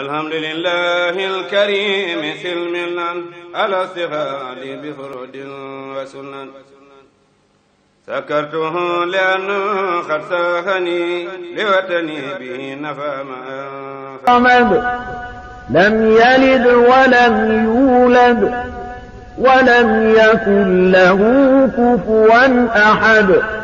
alhamdulillahi alkarimi silmilan alastihadi bi furudin wa sunan sakartuhu liannu xad sahani liwatani bihi nafama lam yalid walam yulad walam yakun lahu kufuwan ahad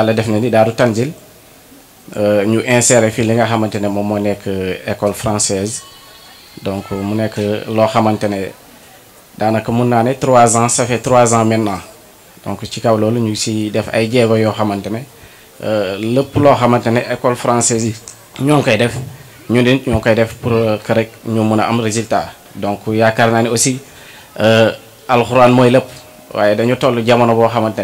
yàlla def na ni daaru tanzil euh, ñu insérer fii li nga xamante ne moom moo nekk euh, école française donc mu nekk loo xamante ne daanaka mun naa ne trois ans ça fait trois ans maintenant donc ci kaw loolu ñu ngi si def ay jéego yoo xamante ne euh, lépp loo xamante ne école française yi ñoo ngi koy def ñu nit ñoo ngi koy def pour que rek ñu mun a am résultat donc yaakaar naa ne aussi alxuraan mooy lépp waaye dañu toll jamono boo xamante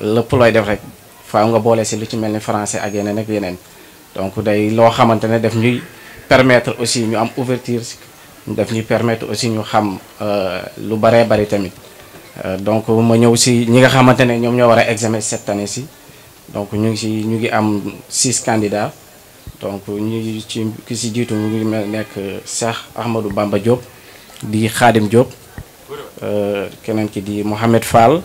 lépp looy def rek faaw nga boole si lu ci mel ni francais ak yeneen ak yeneen donc day loo xamante ne daf ñuy permettre aussi ñu am ouverture daf ñuy permettre aussi ñu xam euh, lu baree bari tamit euh, donc ma ñëw si ñi nga xamante ne ñoom ñoo war a examen cette année si donc ñu ngi si ñu ngi am six candidats donc ñu ci ki si jiitu ñu ngi nekk Cheikh Ahmadou Bamba Diop di Khadim Diop euh, keneen ki di Mohamed Fall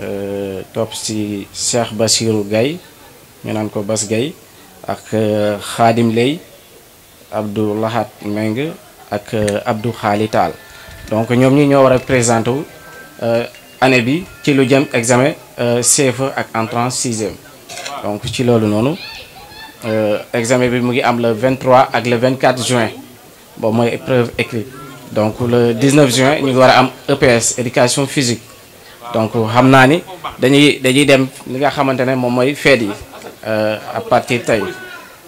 Euh, topp si Cheikh Bassirou Gaye ñu naan ko Bass Gaye ak euh, Khadim Ley Abdou Lahat Meng ak euh, Abdou Khali taal donc ñoom ñi ñoo war a présenté wu année bi ci lu jëm examen CFEE ak entrance sixième donc ci loolu noonu examen bi mu ngi am le 23 ak le 24 juin boobu mooy épreuve écrite donc le 19 juin ñu ngi war a am EPS éducation physique donc xam naa ni dañuy dañuy dem li nga xamante ne moom mooy fête yi euh, à partir tey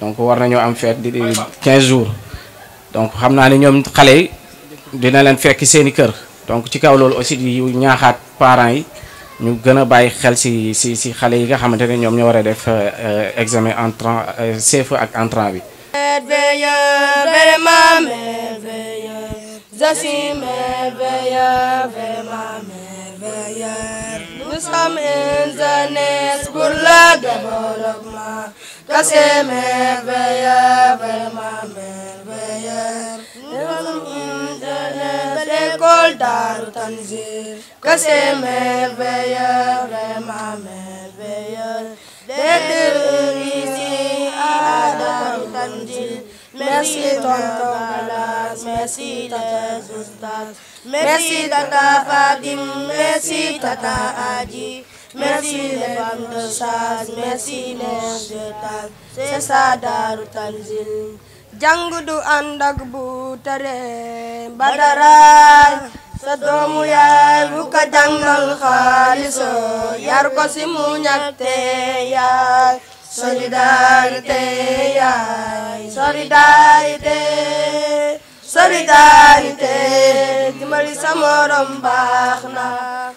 donc war nañoo am fête di 15 jours donc xam naa ni ñoom xale yi dina leen fekk seeni kër donc ci kaw loolu aussi di ñaaxaat parents yi ñu gën a bàyyi xel si si si xale yi nga xamante ne ñoom ñoo war a def euh, examen entrant euh, CFEE ak entrant bi. some internet pour le développement, que c'est merveilleux, vraiment merveilleux. Internet, l'école d'art Tanzir, merci tata Oustaz merci tata Fatim merci de Saz merci les jeunes c'est ça Daaru du ànd bu tere badara sa yaay bu ko jàngal xaaliso yar ko si muñ ak tey yaay solidarité yaay solidarité solidarité dimbali sa morom baax na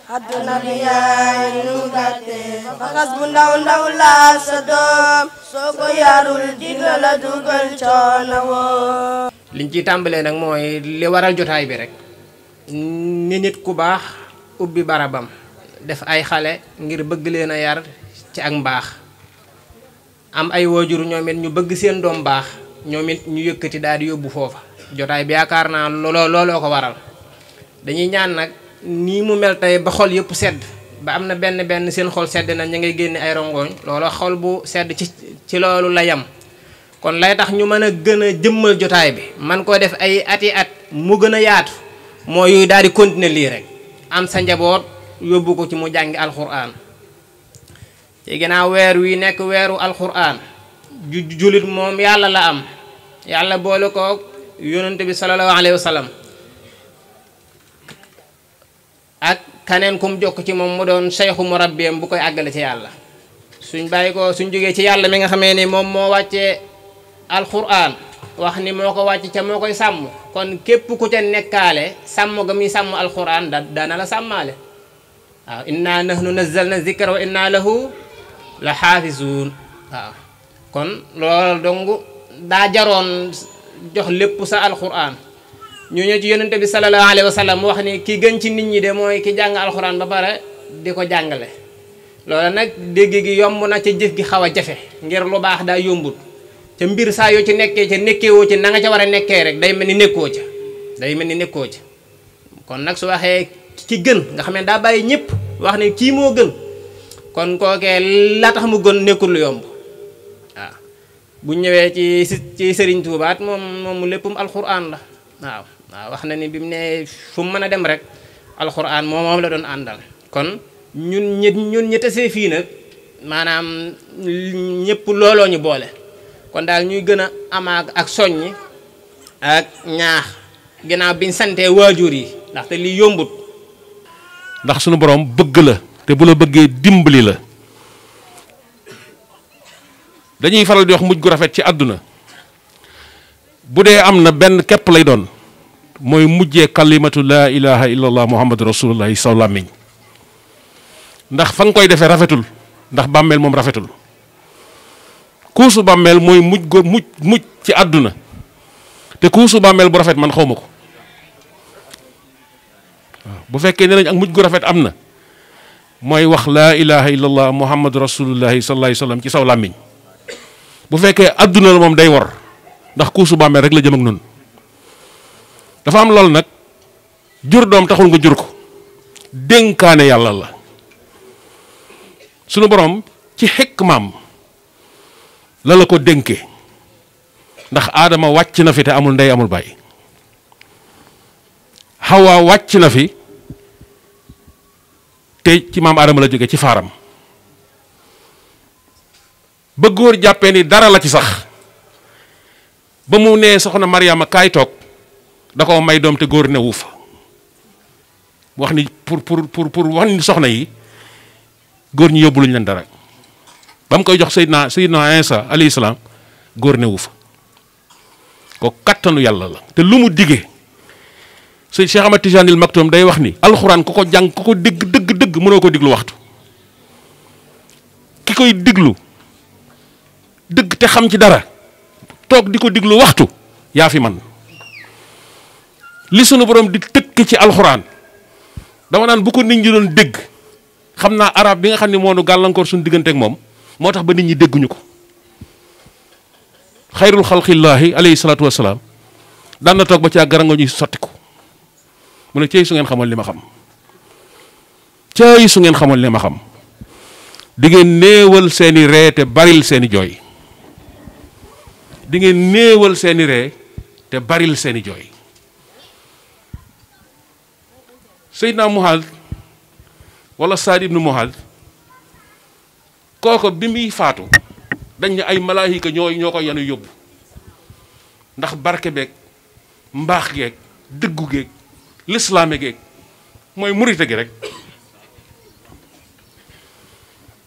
adduna bi yaay nu gàtte faxas bu ndaw ndaw laa sa doom soo ko yarul dinga la dugal coono woo liñ ci tàmbalee nag mooy li waral jotaay bi rek ni nit ku baax ubbi barabam def ay xale ngir bëgg leen a yar ci ak mbaax am ay waajur ñoom ñu bëgg seen doom baax ñoom ñu yëkkati daal di yóbbu foofa jotaay bi yaakaar naa looloo looloo ko waral dañuy ñaan nag nii mu mel tey ba xol yëpp sedd ba am na benn benn seen xol sedd na ñu ngay génne ay rongooñ looloo xol bu sedd ci ci loolu la yem kon lay tax ñu mën a gën a jëmmal jotaay bi man koo def ay ati at mu gën a yaatu moo yooyu daal di continuer lii rek am sa njaboot yóbbu ko ci mu jàngi alxuraan ci ginnaaw weer wi nekk weeru alxuraan ju moom yàlla la am yàlla boole ko yonent bi sallallahu alayhi wa sallam ak kaneen kum jokk ci moom mu doon sayxu murabbiyam bu koy àggale ci yàlla suñ bàyyi ko suñ jógee ci yàlla mi nga xamee ni moom moo wàccee alquran wax ni moo ko wàcc ca moo koy sàmm kon képp ku ca nekkaale sàmm ga muy sàmm alxuraan da dana la sàmmaale waaw inna nahnu nazzalna zikra wa inna lahu la xaafizuun waaw kon loolu dong daa jaroon jox lépp sa alxuraan ñoo ñëw ci yonente bi sallallahu alayhi wa wax ni ki gën ci nit ñi de mooy ki jàng alxuraan ba pare di ko jàngale loola nag dégg gi yomb na ca jëf gi xaw a jafe ngir lu baax daa yombut ca mbir saa yoo ci nekkee ca nekkewoo ci na nga ca war a nekkee rek day mel ni nekkoo ca day mel ni nekkoo ca kon nag su waxee ki gën nga xam ne daa bàyyi ñëpp wax ne kii moo gën kon kookee la tax mu gën nekkul lu yomb bu ñëwee ci ci Serigne Touba at moom moom léppam alxuraan la waaw waaw wax na ni bi mu nee fu mu mën a dem rek alxuraan moom moom la doon àndal. kon ñun ñet ñun ñettasee fii nag maanaam ñépp looloo ñu boole kon daal ñuy gën a amaak ak soññ ak ñaax ginnaaw biñ santee waajur yi ndaxte lii yombut. ndax sunu borom bëgg la te bu la bëggee dimbali la. dañuy faral di wax mujj gu rafet ci àdduna bu dee am na benn képp lay doon mooy mujjee kalimatu laa ilaha illallah muhammadu rasulullahi saw làmmiñ ndax fa nga koy defee rafetul ndax bàmmeel moom rafetul kuusu bàmmeel mooy mujj go mujj mujj ci àdduna te kuusu bàmmeel bu rafet man xaw ma ko waaw bu fekkee ne nañ ak mujj gu rafet am na mooy wax laa ilaha illallah muhammadu rasulullahi sallallahu alayhi wa sallam ci saw làmmiñ bu fekkee àdduna la moom day wor ndax kuusu bàmmeel rek la jëm ak noonu dafa am loolu nag jur doom taxul nga jur ko dénkaane yàlla la sunu boroom ci xekk maam la la ko dénke ndax aadama wàcc na fi te amul ndey amul bàyyi xawaa wàcc na fi te ci maam aadama la jóge ci faaram ba góor jàppee ni dara la ci sax ba mu nee soxna Mariama kaay toog da koo may doom te góor newu fa wax ni pour pour pour pour wax ni soxna yi góor ñi yóbbu luñu leen dara ba mu koy jox Seydina Seydina Isa alayhi salaam góor newu fa ko kattanu yàlla la te lu mu digee sëñ Cheikh Ahmad Tijaanil day wax ni alxuraan ku ko jàng ku ko dégg dëgg dëgg mënoo ko diglu waxtu ki koy diglu dëgg te xam ci dara toog di ko diglu waxtu yaa fi man li sunu borom di tëkk ci alxuraan dama naan bu ko nit ñi doon dégg xam naa arab bi nga xam ne moo nu gàllankoor suñu digganteek moom moo tax ba nit ñi dégguñu ko xayrul xalqillaahi alayhi salaatu wasalaam daan na toog ba ci ak garango ñuy sotti ko mu ne cey su ngeen xamoon li ma xam cey su ngeen xamoon li ma xam di ngeen néewal seeni ree te baril seeni jooy dingeen ngeen néewal seeni ree te baril seeni jooy Seydina Muhammad wala Saad ibnu Muhammad kooko bi muy faatu dañ ne ay malaayika ñoo ñoo ko yanu yóbbu ndax barke beeg mbaax geeg dëggu geeg lislaame geeg mooy murite gi rek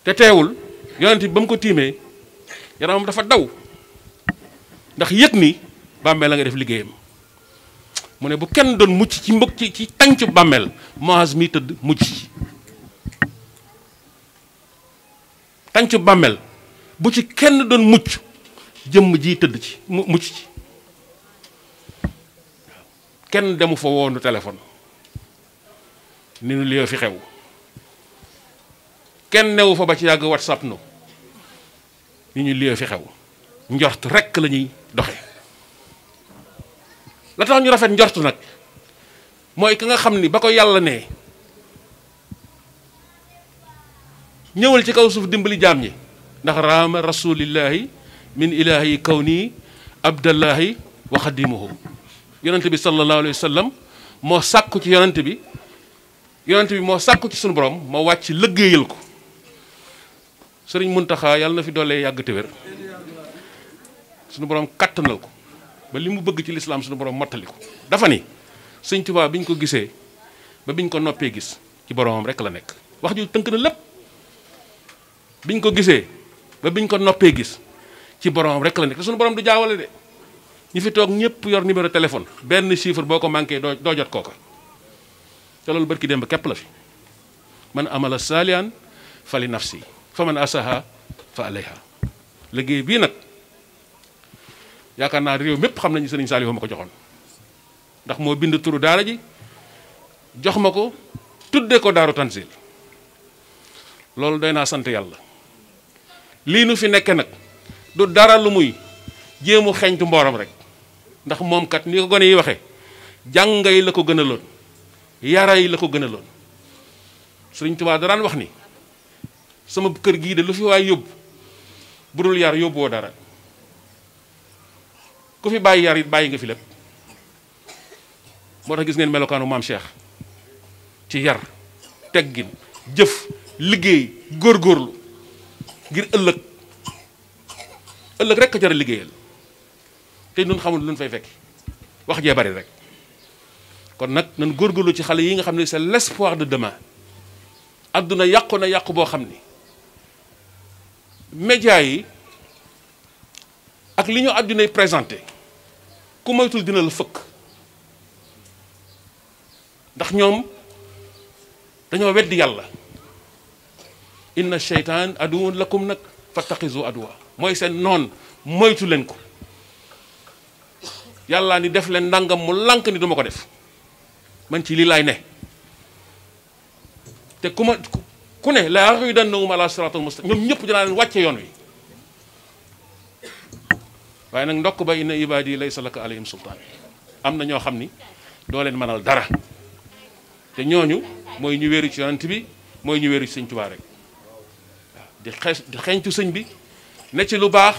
te teewul yonent bi ba mu ko tiimee yaramam dafa daw ndax yëg ni bàmmeel la nga def liggéeyam mu ne bu kenn doon mucc ci mbëg ci ci tànc bàmmeel Muaz mi tëdd mucc tànc bàmmeel bu ci kenn doon mucc jëmm ji tëdd ci mu mucc ci kenn demu fa woonu téléphone ni nu li fi xew kenn newu fa ba ci yàgg whatsapp nu ni ñu li fi xew njort rekk la doxe la tax ñu rafet njortu nag mooy ki nga xam ni ba ko yàlla ne ñëwal ci kaw suuf dimbali jaam ñi ndax raama rasulillahi min ilahi kawni abdallahi wa xadimuhu yonent bi sallallahu alayhi wa moo sàkku ci yonent bi yonent bi moo sàkku ci sunu borom moo wàcc lëggéeyal ko sëriñ Muntaxa yàlla na fi doolee yàgg te suñu borom kattanal ko ba li mu bëgg ci lislaam suñu boroom mottali ko dafa ni sëñ Tuubaa bi ñu ko gisee ba bi ñu ko noppee gis ci boromam rek la nekk wax ju tënk na lépp bi ko gisee ba bi ko noppee gis ci boromam rek la nekk te suñu borom du jaawale de ñu fi toog ñëpp yor numéro téléphone benn chiffre boo ko manqué doo doo jot kooka te loolu dem ba képp la fi man amala saalian fali nafsi fa man asaha fa alayha liggéey bii nag yaakaar naa réew mépp xam nañu sëriñ Saliou ma ko joxoon ndax moo bind turu daara ji jox ma ko tudde ko daaru tansil loolu doy naa sant yàlla lii nu fi nekke nag du dara lu muy jéemu xeñtu mbooram rek ndax moom kat ni ko gone yi waxe yi la ko gën a yara yi la ko gën a loon sëriñ Tuubaa daraan wax ni sama kër gii de lu fi waay yóbbu dul yar yóbbuwoo dara ku fi bàyyi yar it bàyyi nga fi lépp moo tax gis ngeen melokaanu maam Cheikh ci yar teggin jëf liggéey góor góorlu ngir ëllëg ëllëg rek a jar liggéeyal te ñun xamul lu fay fekk wax jee bari rek kon nag nan góor góorgóorlu ci xale yi nga xam ne les l'espoir de demain àdduna yàqu na yàqu boo xam ni média yi. ak li ñu àddunay présenté ku moytul dina la fëkk ndax ñoom dañoo weddi yàlla inna sheytaan la lakum nag fattaxisu aduwa mooy seen noon moytu leen ko yàlla ni def leen ndàngam mu lànk ni duma ko def man ci lii laay ne te ku ma ku ne la yaxuy dan nawum ala siratal mustaqim ñoom ñëpp dinaa leen wàcce yoon wi waaye nag ndokk ba inna ibaadi laysa laka alayhim sultaan am na ñoo xam ni doo leen mënal dara te ñooñu mooy ñu wéeru ci yonent bi mooy ñu wéeru ci sëñ Tuubaa rek di xees di xeeñtu sëñ bi ne ci lu baax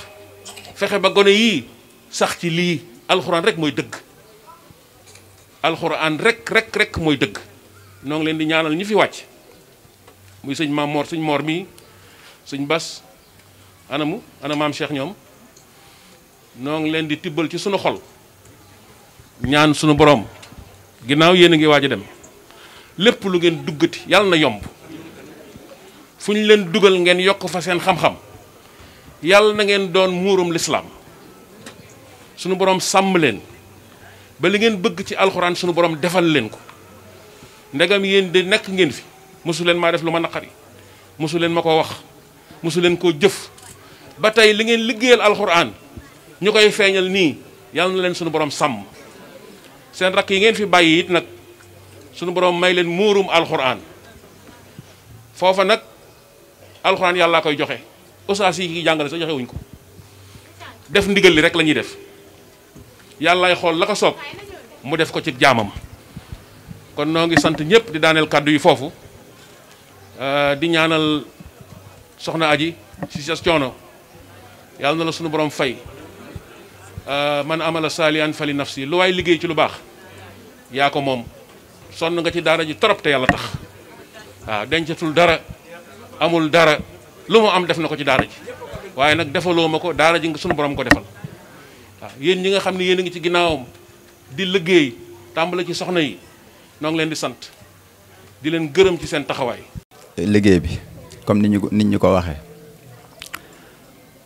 fexe ba gone yii sax ci lii alxuraan rek mooy dëgg alxuraan rek rek rek mooy dëgg noo ngi leen di ñaanal ñu fi wàcc muy sëñ maam Mor sëñ Mor mii sëñ Bas anamu ana maam Cheikh ñoom noo ngi leen di tibbal ci sunu xol ñaan sunu borom ginnaaw yéen a ngi waaj a dem lépp lu ngeen duggati yàlla na yomb fu ñu leen dugal ngeen yokk fa seen xam-xam yàlla na ngeen doon muurum lislaam sunu borom sàmm leen ba li ngeen bëgg ci alxuraan sunu borom defal leen ko ndegam yéen di nekk ngeen fi mosu leen maa def lu ma naqari mosu leen ma ko wax mosu leen koo jëf ba tey li ngeen liggéeyal alxuraan. ñu koy feeñal nii yàlla na leen suñu borom sàmm seen rakk yi ngeen fi bàyyi it nag sunu borom may leen muurum alxuraan foofa nag alxuraan yàllaa koy joxe ustaas yi ki jàngale sax joxe wuñ ko def ndigal li rek la ñuy def yàllaay xool la ko soob mu def ko ci jaamam kon noo ngi sant ñëpp di daaneel kàddu yi foofu di ñaanal soxna aji si sa coono yàlla na la suñu borom fay Euh, man amala saalihan fali nafsi lu waaye liggéey ci lu baax yaa ko moom sonn nga ci daara ji trop te yàlla tax waaw dencatul dara amul dara lu mu am def na ko ci daara ji waaye nag defaloo ko daara ji nga sunu borom ko defal waaw yéen ñi nga xam ni yéen a ngi ci ginnaawam di liggéey tàmbale ci soxna yi noo ngi leen di sant di leen gërëm ci seen taxawaay. liggéey bi comme ni ñu nit ñu ko waxee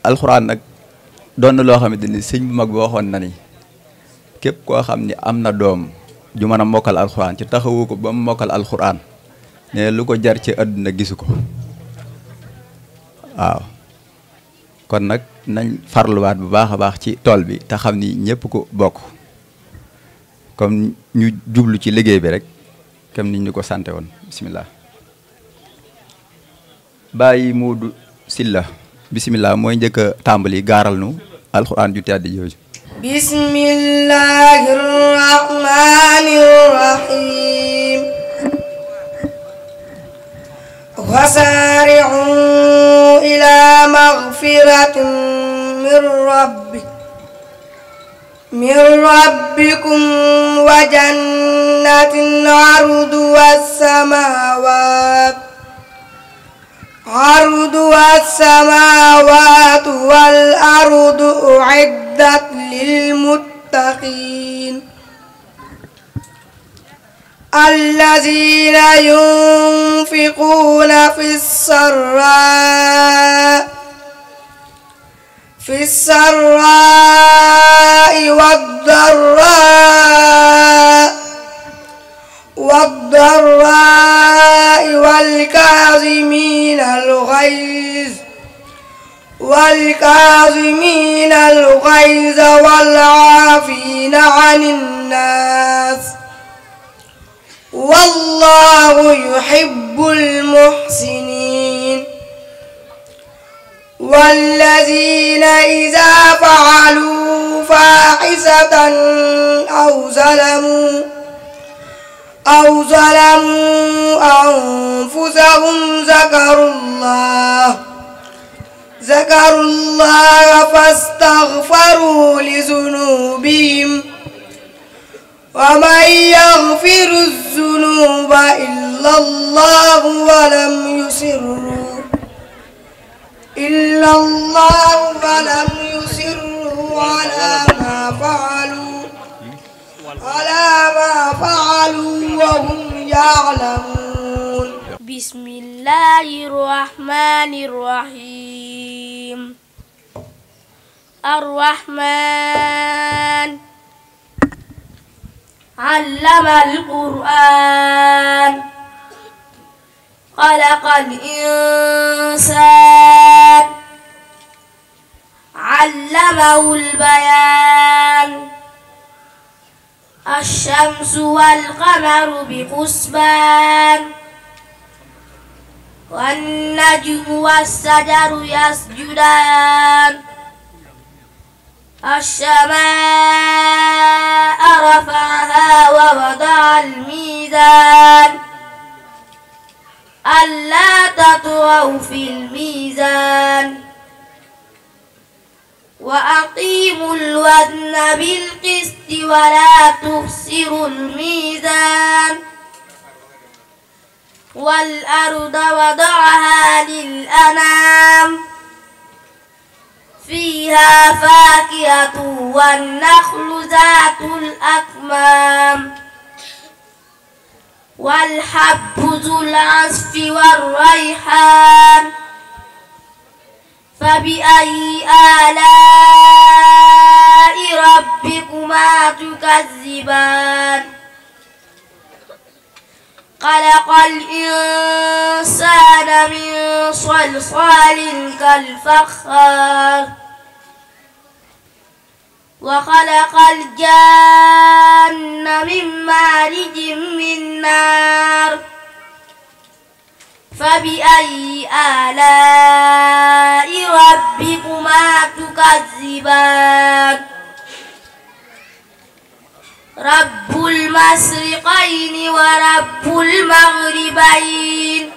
alxuraan nag. doon na loo xamante ni sëñ bu mag bi waxoon na ni képp koo xam ni am na doom ju mën a mokkal alxuraan ci taxawu ko ba mu mokkal alxuraan ne lu ko jar ci àdduna gisu ko waaw kon nag nañ farluwaat bu baax a baax ci tool bi te xam ni ñëpp ko bokk comme ñu jublu ci liggéey bi rek comme niñ ñu ko sante woon bisimilah. bàyyi Moodu Silla bisimilah mooy njëkk a tàmbali gaaral nu alxuraan ju tedd jooju. bismillahi rahmani rahim. wasaari'u ila magfiratin min rabbi min rabbikum wa jannatin arduha as-samawat الأرض والسماوات والأرض أعدت للمتقين الذين ينفقون في السراء في السراء والضراء والضراء والكاظمين الغيظ والكاظمين الغيظ والعافين عن الناس والله يحب المحسنين والذين إذا فعلوا فاحشة أو ظلموا أو ظلموا أنفسهم ذكروا الله ذكروا الله فاستغفروا لذنوبهم ومن يغفر الذنوب إلا الله ولم يسروا إلا الله ولم يسروا على ما فعلوا على ما فعلوا وهم يعلمون بسم الله الرحمن الرحيم الرحمن علم القرآن خلق الإنسان علمه البيان الشمس والقمر بحسبان والنجم والشجر يسجدان السماء رفعها ووضع الميزان ألا تطغوا في الميزان وأقيموا الوزن بالقسط ولا تخسروا الميزان والأرض وضعها للأنام فيها فاكهة والنخل ذات الأكمام والحب ذو العصف والريحان فبأي آلاء ربكما تكذبان خلق الإنسان من صلصال كالفخار وخلق الجان من مارج من نار فبأي آلاء ربكما تكذبان رب المشرقين ورب المغربين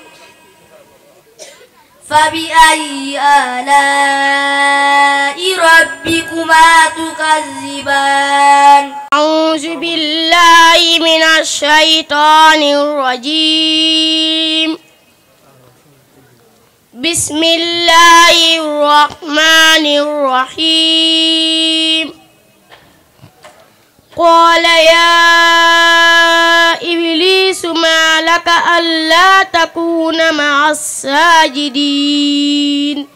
فبأي آلاء ربكما تكذبان أعوذ بالله من الشيطان الرجيم بسم الله الرحمن الرحيم قال يا إبليس ما لك ألا تكون مع الساجدين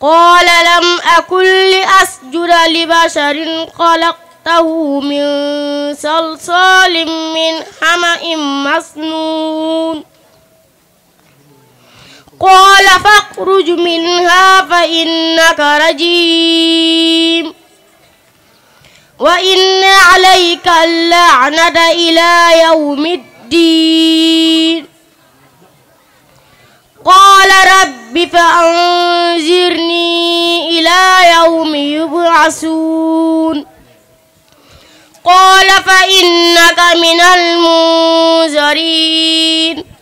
قال لم أكن لأسجد لبشر خلقته من صلصال من حمأ مسنون قال فاخرج منها فإنك رجيم وإن عليك اللعنة إلى يوم الدين قال رب فأنذرني إلى يوم يبعثون قال فإنك من المنذرين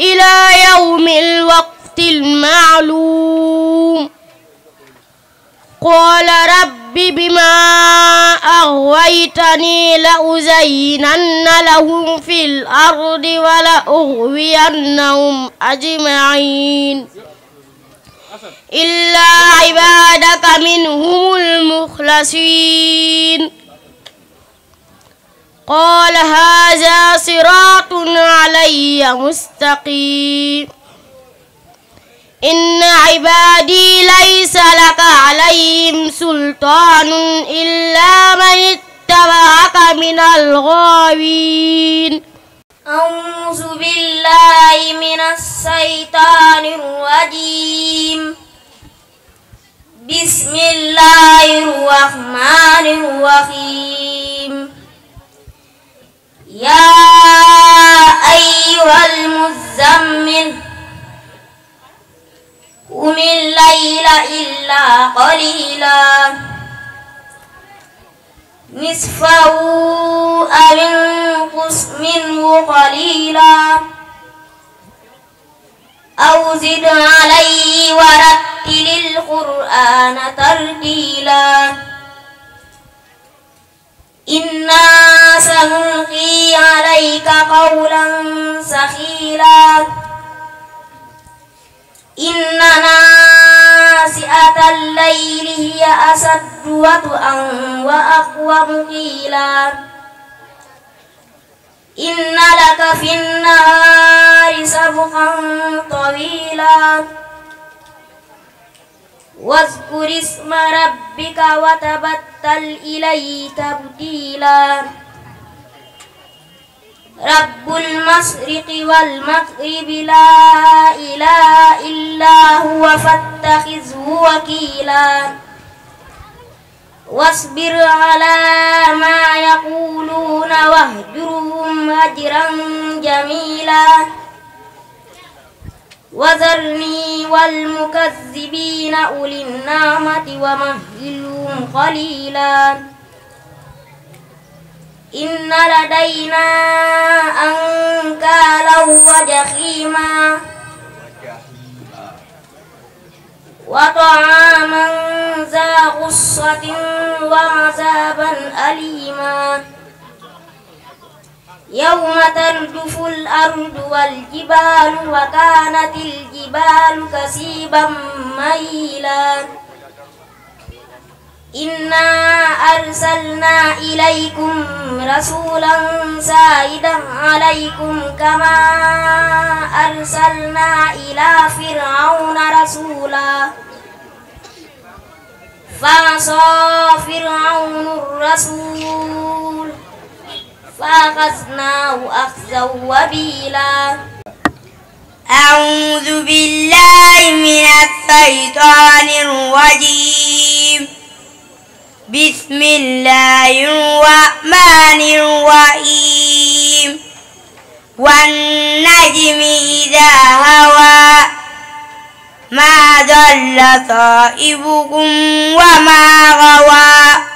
إلى يوم الوقت المعلوم قال رب بما أغويتني لأزينن لهم في الأرض ولأغوينهم أجمعين إلا عبادك منهم المخلصين qaala haazaa siraatun alayya mustaqiim inna cibaadii laysa laka calayhim sultaanun illaa man ittabacaka minal gaawiin أعوذ بالله من الشيطان الرجيم بسم الله الرحمن الرحيم يا أيها المزمل قم الليل إلا قليلا نصفه أو انقص منه قليلا أو زد عليه ورتل القرآن ترتيلا إنا سنلقي عليك قولا ثقيلا إن ناسئة الليل هي أسد وطئا وأقوم قيلا إن لك في النهار سبقا طويلا واذكر اسم ربك وتبتل إليه تبتيلا رب المشرق والمغرب لا إله إلا هو فاتخذه وكيلا واصبر على ما يقولون واهجرهم هجرا جميلا وذرني والمكذبين أولي النعمة ومهلهم قليلا إن لدينا أنكالا وجحيما وطعاما ذا غصة وعذابا أليما يوم ترجف الأرض والجبال وكانت الجبال كثيبا ميلا إنا أرسلنا إليكم رسولا سائدا عليكم كما أرسلنا إلى فرعون رسولا فعصى فرعون الرسول فأخذناه أخذا وبيلا أعوذ بالله من الشيطان الرجيم بسم الله الرحمن الرحيم والنجم إذا هوى ما ضل صائبكم وما غوى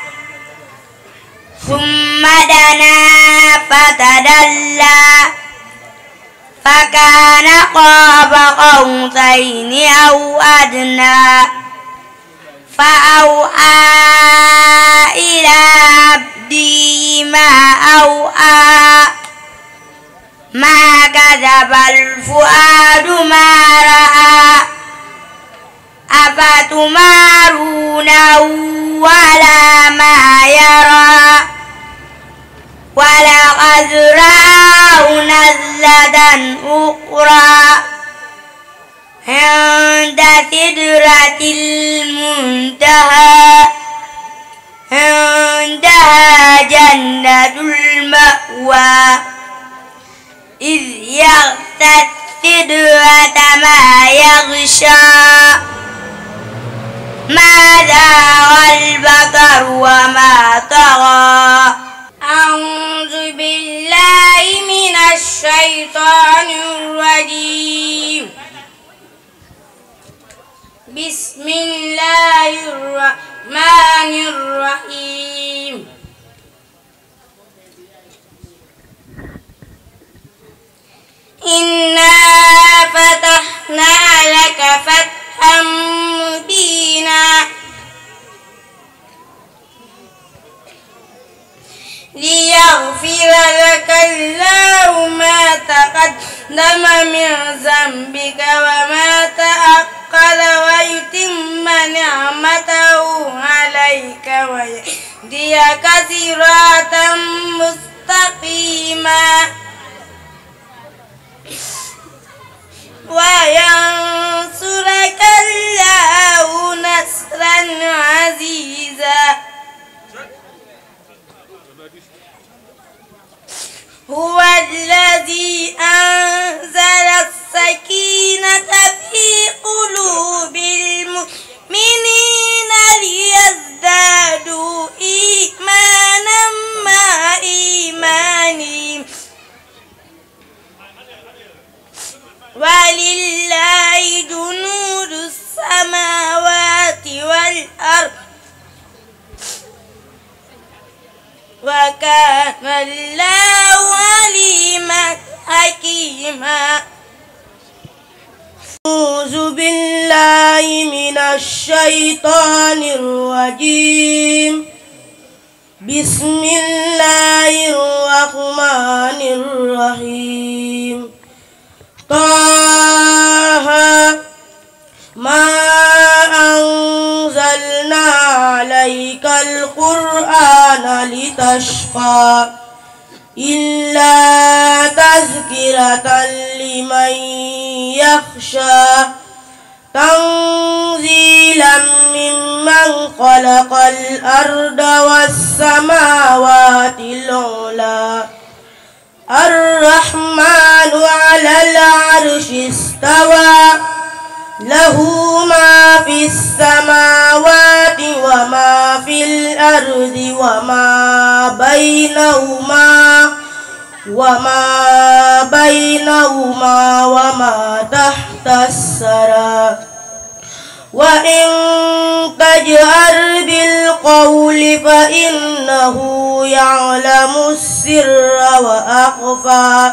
ثم دنا فتدلى فكان قاب قوسين أو أدنى فأوحى إلى عبدي ما أوحى ما كذب الفؤاد ما رأى أفتمارونه ولا ما يرى ولقد رآه نزلة أخرى عند سدرة المنتهى عندها جنة المأوى إذ يغتث سدرة ما يغشى ما زاغ البصر وما طغى أعوذ بالله من الشيطان الرجيم بسم الله الرحمن الرحيم إنا فتحنا لك فتحا حقا مبينا ليغفر لك الله ما تقدم من ذنبك وما تأخر ويتم نعمته عليك ويهديك صراطا مستقيما وينصرك الله نصرا عزيزا هو الذي أنزل السكينة في قلوب المؤمنين ليزدادوا إيمانا مع إيمانهم ولله جنود السماوات والأرض وكان الله عليما حكيما أعوذ بالله من الشيطان الرجيم بسم الله الرحمن الرحيم طه ما أنزلنا عليك القرآن لتشقى إلا تذكرة لمن يخشى تنزيلا ممن خلق الأرض والسماوات العلى الرحمن على العرش استوى له ما في السماوات وما في الأرض وما بينهما وما بينهما وما تحت السرى وإن تجهر بالقول فإنه يعلم السر وأخفى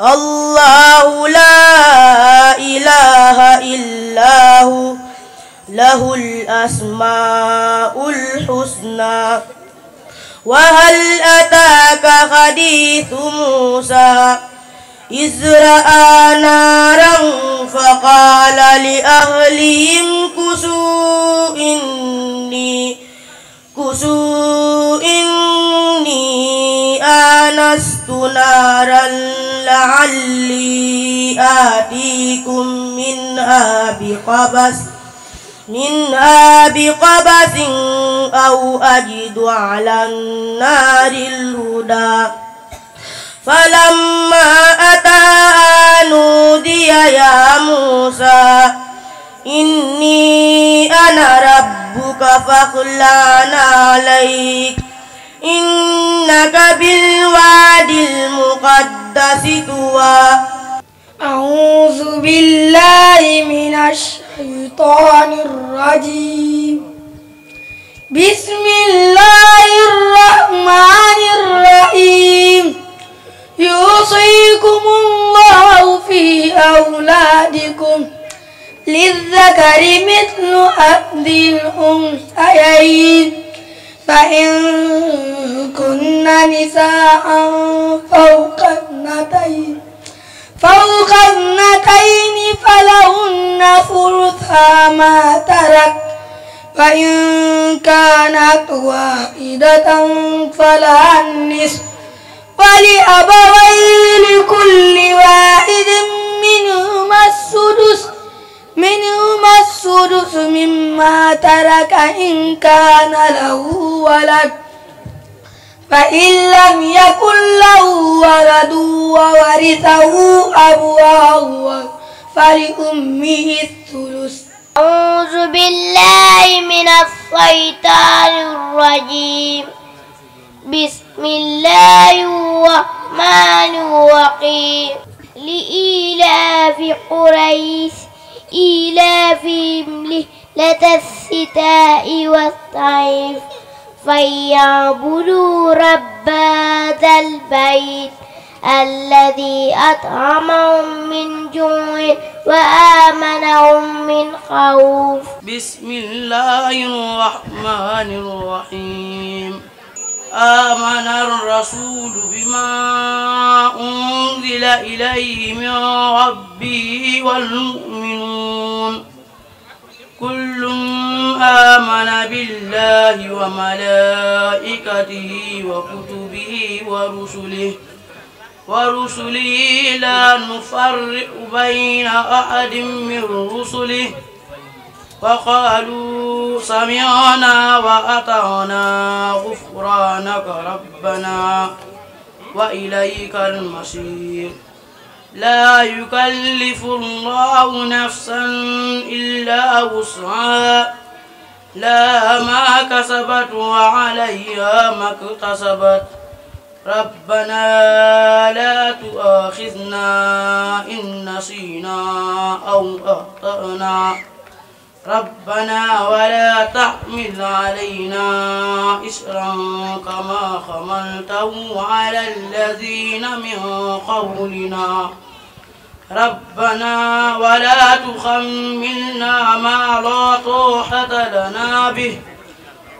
الله لا إله إلا هو له الأسماء الحسنى وهل أتاك حديث موسى إذ رأى نارا فقال لأهلهم كسوا إني كسوا إني آنست نارا لعلي آتيكم منها بقبس منها بقبس أو أجد على النار الهدى فلما أتاها نودي يا موسى إني أنا ربك فاخلع عليك إنك بالوادي المقدس طوى أعوذ بالله من الشيطان الرجيم بسم الله الرحمن الرحيم يوصيكم الله في أولادكم للذكر مثل حظ الأنثيين فإن كن نساء فوق اثنتين فوق اثنتين فلهن ثلثا ما ترك فإن كانت واحدة فلها النصف ولأبوي لكل واحد منهما السدس منهما السدس مما ترك إن كان له ولد فإن لم يكن له ولد وورثه أبواه فلأمه الثلث أعوذ بالله من الشيطان الرجيم بسم الله الرحمن الرحيم لإيلاف قريش إيلافهم ليلة الشتاء والصيف فليعبدوا رب هذا البيت الذي أطعمهم من جوع وآمنهم من خوف بسم الله الرحمن الرحيم آمن الرسول بما أنزل إليه من ربه والمؤمنون كل آمن بالله وملائكته وكتبه ورسله ورسله لا نفرق بين أحد من رسله وقالوا سمعنا وأطعنا غفرانك ربنا وإليك المصير لا يكلف الله نفسا إلا وسعها لها ما كسبت وعليها ما اكتسبت ربنا لا تؤاخذنا إن نسينا أو أخطأنا ربنا ولا تحمل علينا إسرا كما حملته على الذين من قبلنا ربنا ولا تحملنا ما لا طاقة لنا به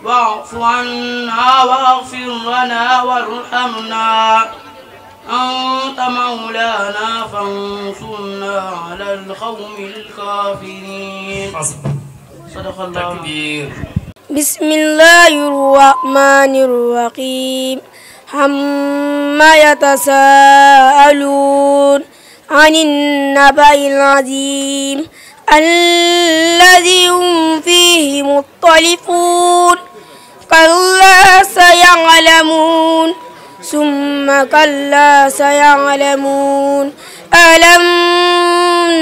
واعف عنا واغفر لنا وارحمنا أنت مولانا فانصرنا على القوم الكافرين صدق الله تكبير بسم الله الرحمن الرحيم عما يتساءلون عن النبأ العظيم الذي هم فيه مختلفون كلا سيعلمون ثم كلا سيعلمون ألم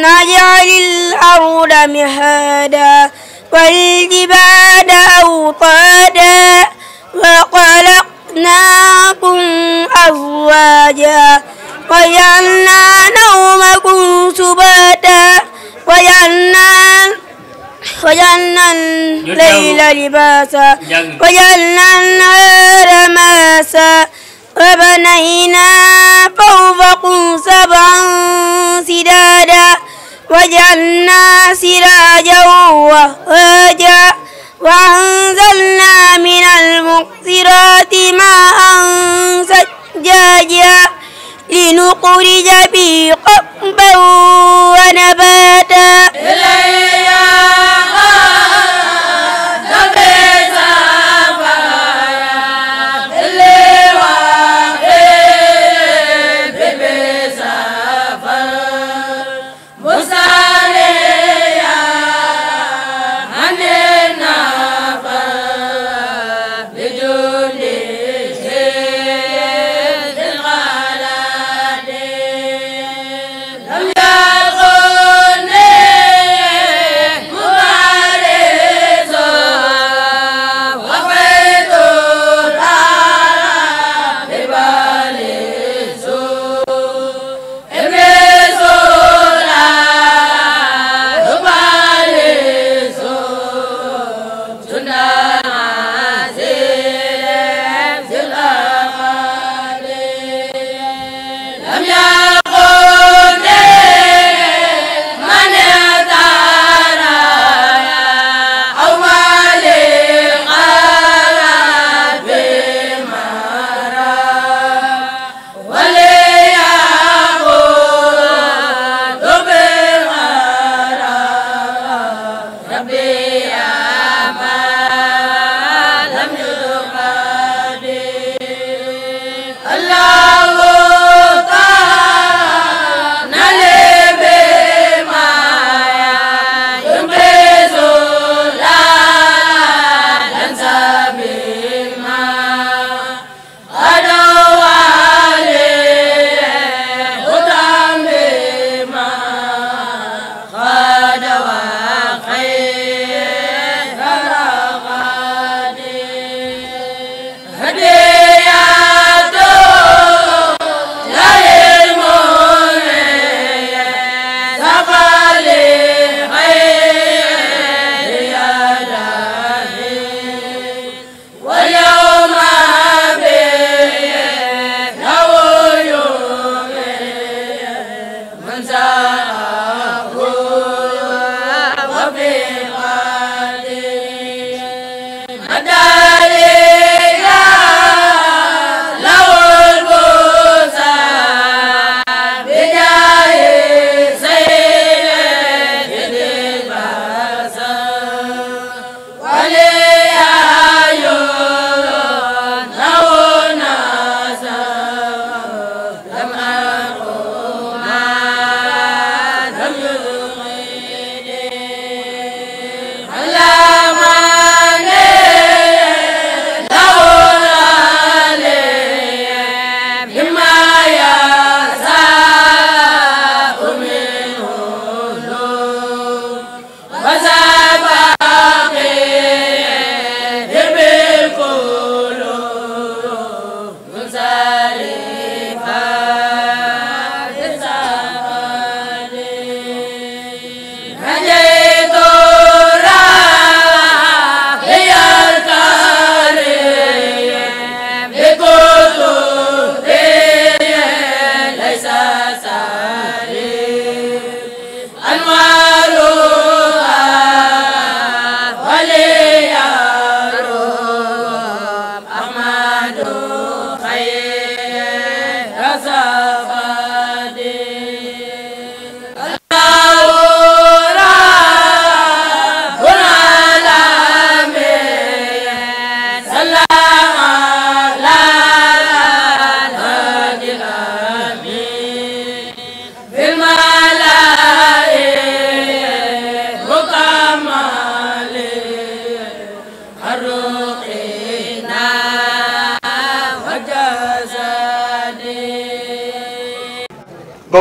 نجعل الأرض مهادا والجبال أوطادا وخلقناكم أزواجا وجعلنا نومكم سباتا وجعلنا وجعلنا الليل لباسا وجعلنا النهار ماسا وبنينا فوقكم سبعا سدادا وجعلنا سراجا وهاجا وأنزلنا من المقصرات ماء سجاجا لنخرج به قبا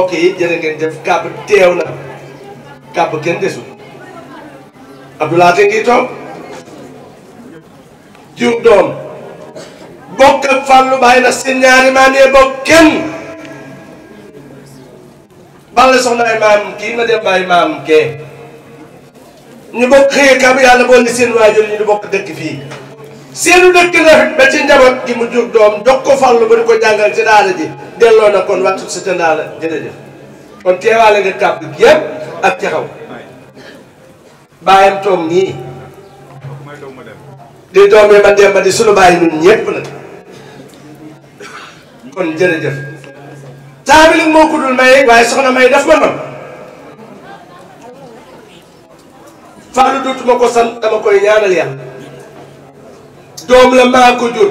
mbokk yi jërë ngeen jëf kàbb teew na kàbb kenn desul Abdoulaye ngi toog jiw doom bokk ak fàllu bàyyi na seen ñaari maam yee bokk kenn balla soxna ay maam kii na dem bàyyi maam kee ñu bokk xëyee kàbb yàlla boole seen waajur ñu di bokk dëkk fii seenu dëkk la ba ci njaboot gi mu jur doom jox ko fàllu ba di ko jàngal ci daara ji delloo na kon waxtu sa ca daara jërëjëf kon teewaale nga kàddu gi yëpp ak caxaw bàyyam toog nii di doom yi ma dem ba di sunu bàyyi ñun ñëpp la kon jërëjëf taabili moo ko dul may waaye soxna may daf ma man fàllu dootuma ko sant dama koy ñaanal yàlla doom la maa ko jur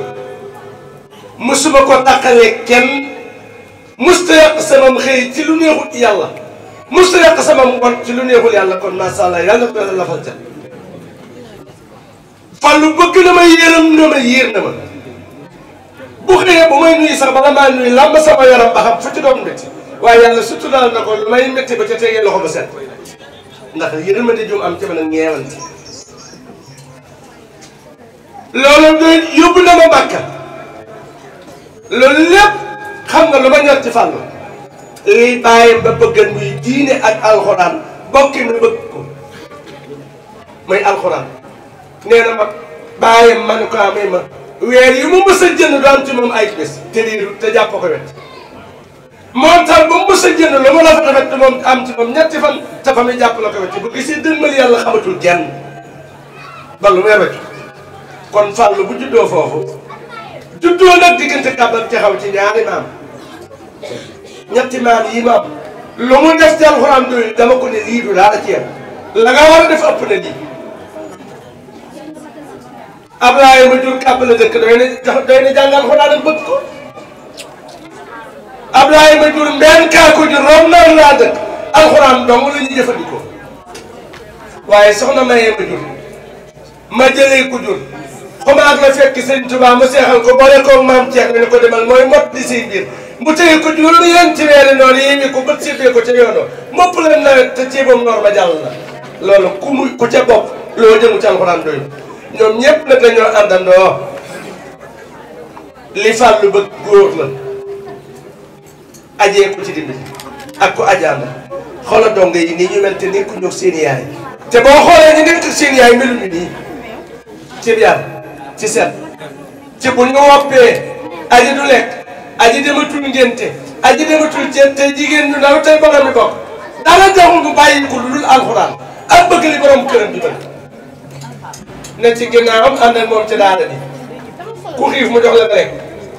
mësuma ko taqale kenn mësta yàq samam xëy ci lu neexul yàlla mësta yàq samam ngoon ci lu neexul yàlla kon macha allah yàlla ko yàlla lafal ca fàllu bëgg na ma yéeram na ma yéer na ma bu xëyee bu may nuyu sax bala maa nuyu làmb sama yaram ba xam fu ci doom métti waaye yàlla surtout daal na ko lu may métti ba ca tegee loxo ba set ndax yërmande ju am ci mën a ñeewante loolu doy yóbbu na ma Màkka loolu lépp xam nga lu ma ñor ci fànn liy bàyyi ba bëggan muy diine ak alxuraan bokki na bëgg ko muy alxuraan nee na ma bàyyi ma ne ko amee ma weer yu mu mës a jënd daan ci moom ay bés te liiru te jàpp ko wet moom tam mu mës a jënd lu mu la fa rek moom am ci moom ñetti fan te fa muy jàpp la ko wet bu gisee dënmal yàlla xamatul jenn ba lu may wet kon Fallou bu juddoo foofu juddoo nag diggante kàbbak jaxaw ci ñaari maam ñetti maam yi maam lu mu def ci alxuraan dama ko ne lii du laa ci yem la war a def ëpp na lii Ablaye ma jur kàbb la dëkk doy na doy alxuraan ak ko Ablaye ma jur mbenn kaa ko jur rom naan laa dëkk alxuraan dong la ñuy jëfandikoo waaye soxna Maye ma jur ma jëlee ko xumaag la fekk sëñ Tuubaa mu seexal ko boole ko maam Ceerno ne ko demal mooy mot di si biir mu tëye ko juróomi yéen ci weeri noonu yi ko bët sibbee ko ca yoonoo mopp leen nawet te ceebam noor ba jàll la loolu ku mu ku ca bopp loo jëmu ci alxuraan ñoom ñëpp nag dañoo àndandoo li fàllu bëgg góor la ajee ko ci dindi ak ko ajaana xoola dongo yi nii ñu mel te nekkuñu seen yaay te boo xoolee ñu nekk seen yaay meluñu nii ceeb yàlla ci set ci buñ nga woppee aji du lekk aji dematul ngénte aji dematul ceeb tey jigéen ñu ndaw tey borom mi bokk dara joxul bu bàyyi ko lu dul alxuraan ak bëgg li borom këram di bëgg ne ci ginnaawam ànd ak ku xiif mu jox la rek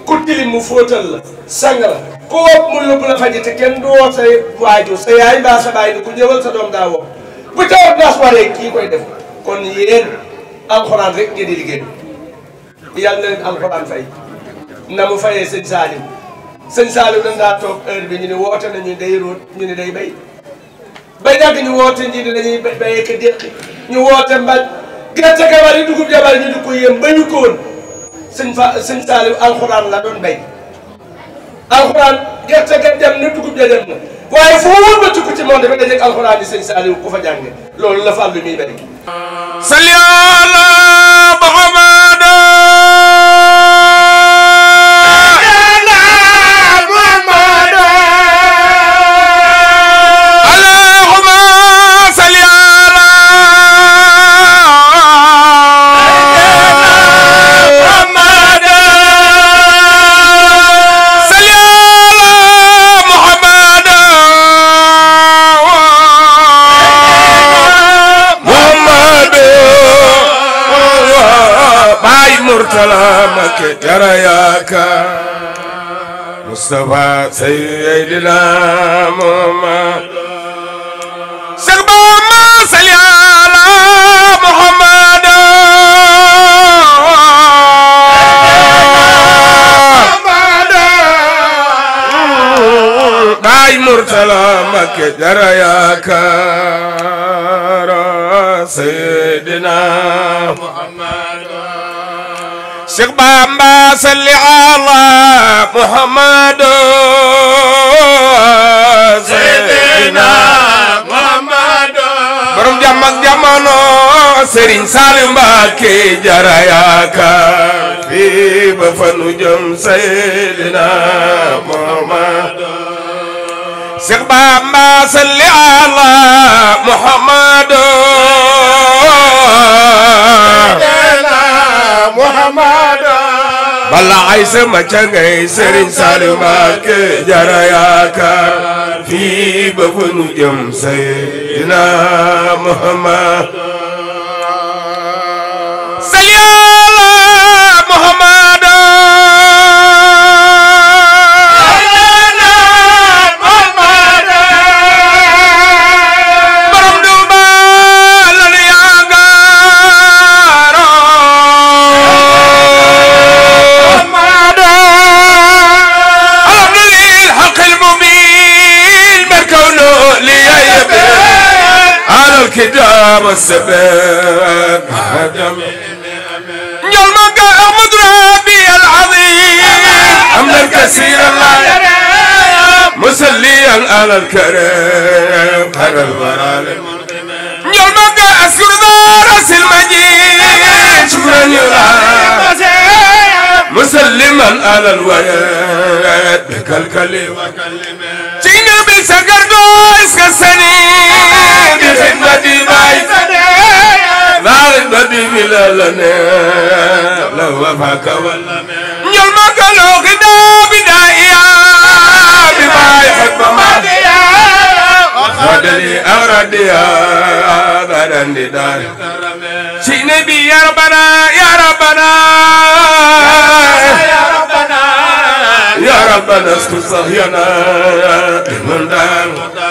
ku tilim mu fóotal la sang ku wopp mu yóbbu la faji te kenn du woo say waajur sa yaay mbaa sa bàyyi ni ku ñëwal sa doom daa woo bu tawat naas waree kii koy def kon yéen alxuraan rek ngeen di yàlla na leen alxuraan fay na mu fayee sëñ Saliou sëñ Saliou dañ daa toog heure bi ñu ne woote nañu day root ñu ne day bay bay dagg ñu woote ñi ne dañuy bayee ka déqi ñu woote mbaj gerte kabar yi dugub jabar ñu di ko ñu bayu ko woon sëñ fa sëñ Saliou alxuraan la doon bay alxuraan gerte ga dem na dugub ja dem na waaye foo wóor ba tukku ci monde bi dajeeg alxuraan yi sëñ Saliou ku fa jànge loolu la fàllu muy bari. كلامك جرياك مصطفى سيدنا محمد سقبا ما سلي على محمد باي مرتلى مك جرياك سيدنا محمد Cheikh Bamba salli ala Muhammad Seydina Muhammad borom jàmm ak jamono Serigne Saliou Mbacké jara yaakaar fii ba fanu jëm Seydina Muhammad Cheikh Bamba salli ala Muhammad Muhammad balla ay sama cangay sëriñ Saliou Mbacké jara yaakaar fii ba fa nu jëm Seydina Muhammad الكدام السبب هدم يلمك أحمد ربي العظيم حمدا كثيرا لا مسليا على الكريم على الورى يلمك أسكر دارس المجيد شكرا يرى مسلما على الويد بك الكلمة تينا بسكر دويس كسنين خدمتي باي نار بدي بلا لنا لو وفاك ولا نيوم كلو خدا بدايا بباي خدمة ماديا ودلي أراديا دارن دار سينبي يا ربنا يا ربنا يا ربنا يا ربنا اسكت صهينا من دار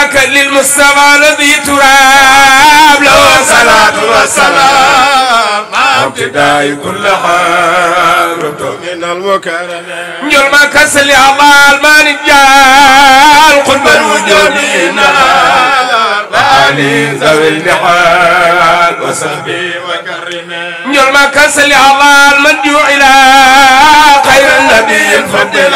سواك للمصطفى الذي تراب له صلاة وسلام ابتداء كل حال من المكرم نجل ما كسل الله المان الجال قلب الوجود النهار وآلي ذوي النحال وصحبي وكرمه نجل ما كسل الله المدعو إلى خير النبي الفضل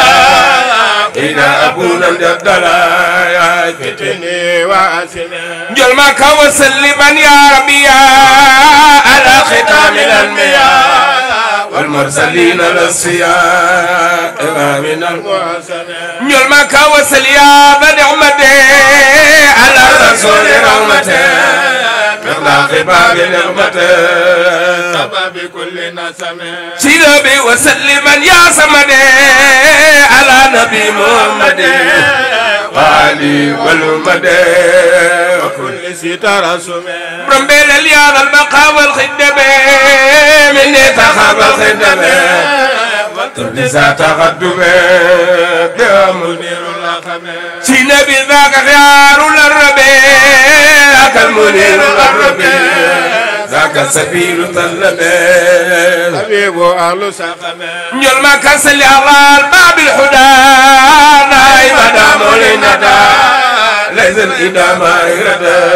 حين أكون الدلاء فتني وأسنا جل ما كان وسلما يا ربي على ختام الأنبياء والمرسلين للصياء إمامنا المحسنين نجل ما كان وسليا بنعمته على رسول رحمته أخلاق باب الأمة سبب كل نسم سيدي وسلم يا سمد على نبي محمد وعلي والأمد وكل ستر سمع رمبيل اليار البقاء والخدمة مني تخاب الخدمة إذا تقدم دوام المنير الأقم سينا بالباك خيار الربي ذاك المنير الربي ذاك سبيل طلبي حبيب أهل سقم نجل ما كان سلي الله الباب الحدى نايم دام ليس الإدامة إردا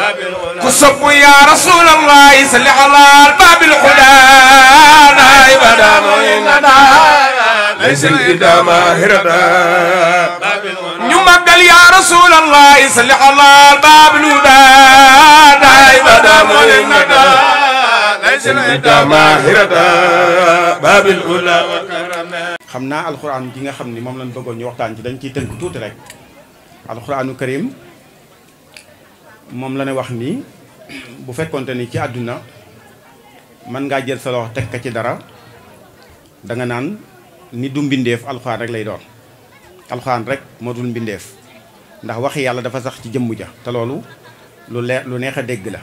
ما بالغ تصب يا رسول الله صل على الباب الحدى نائبا دامنا ليس الإدامة هردا نمجل يا رسول الله صل على الباب الهدى نائبا دامنا ليس الإدامة هردا باب الأولى وكرمنا xam naa alxuraan gi nga xam ni moom lañ bëggoon ñu waxtaan ci dañ ciy tënk tuuti rek alxuraanu karim moom la ne wax nii bu fekkonte ni ci àdduna mën ngaa jël sa loxo teg ka ci dara danga naan ni du mbindeef alxuraan rek lay doon alxuraan rek moo dul mbindeef ndax wax yàlla dafa sax ci jëmm ja te loolu lu leer lu neex a dégg la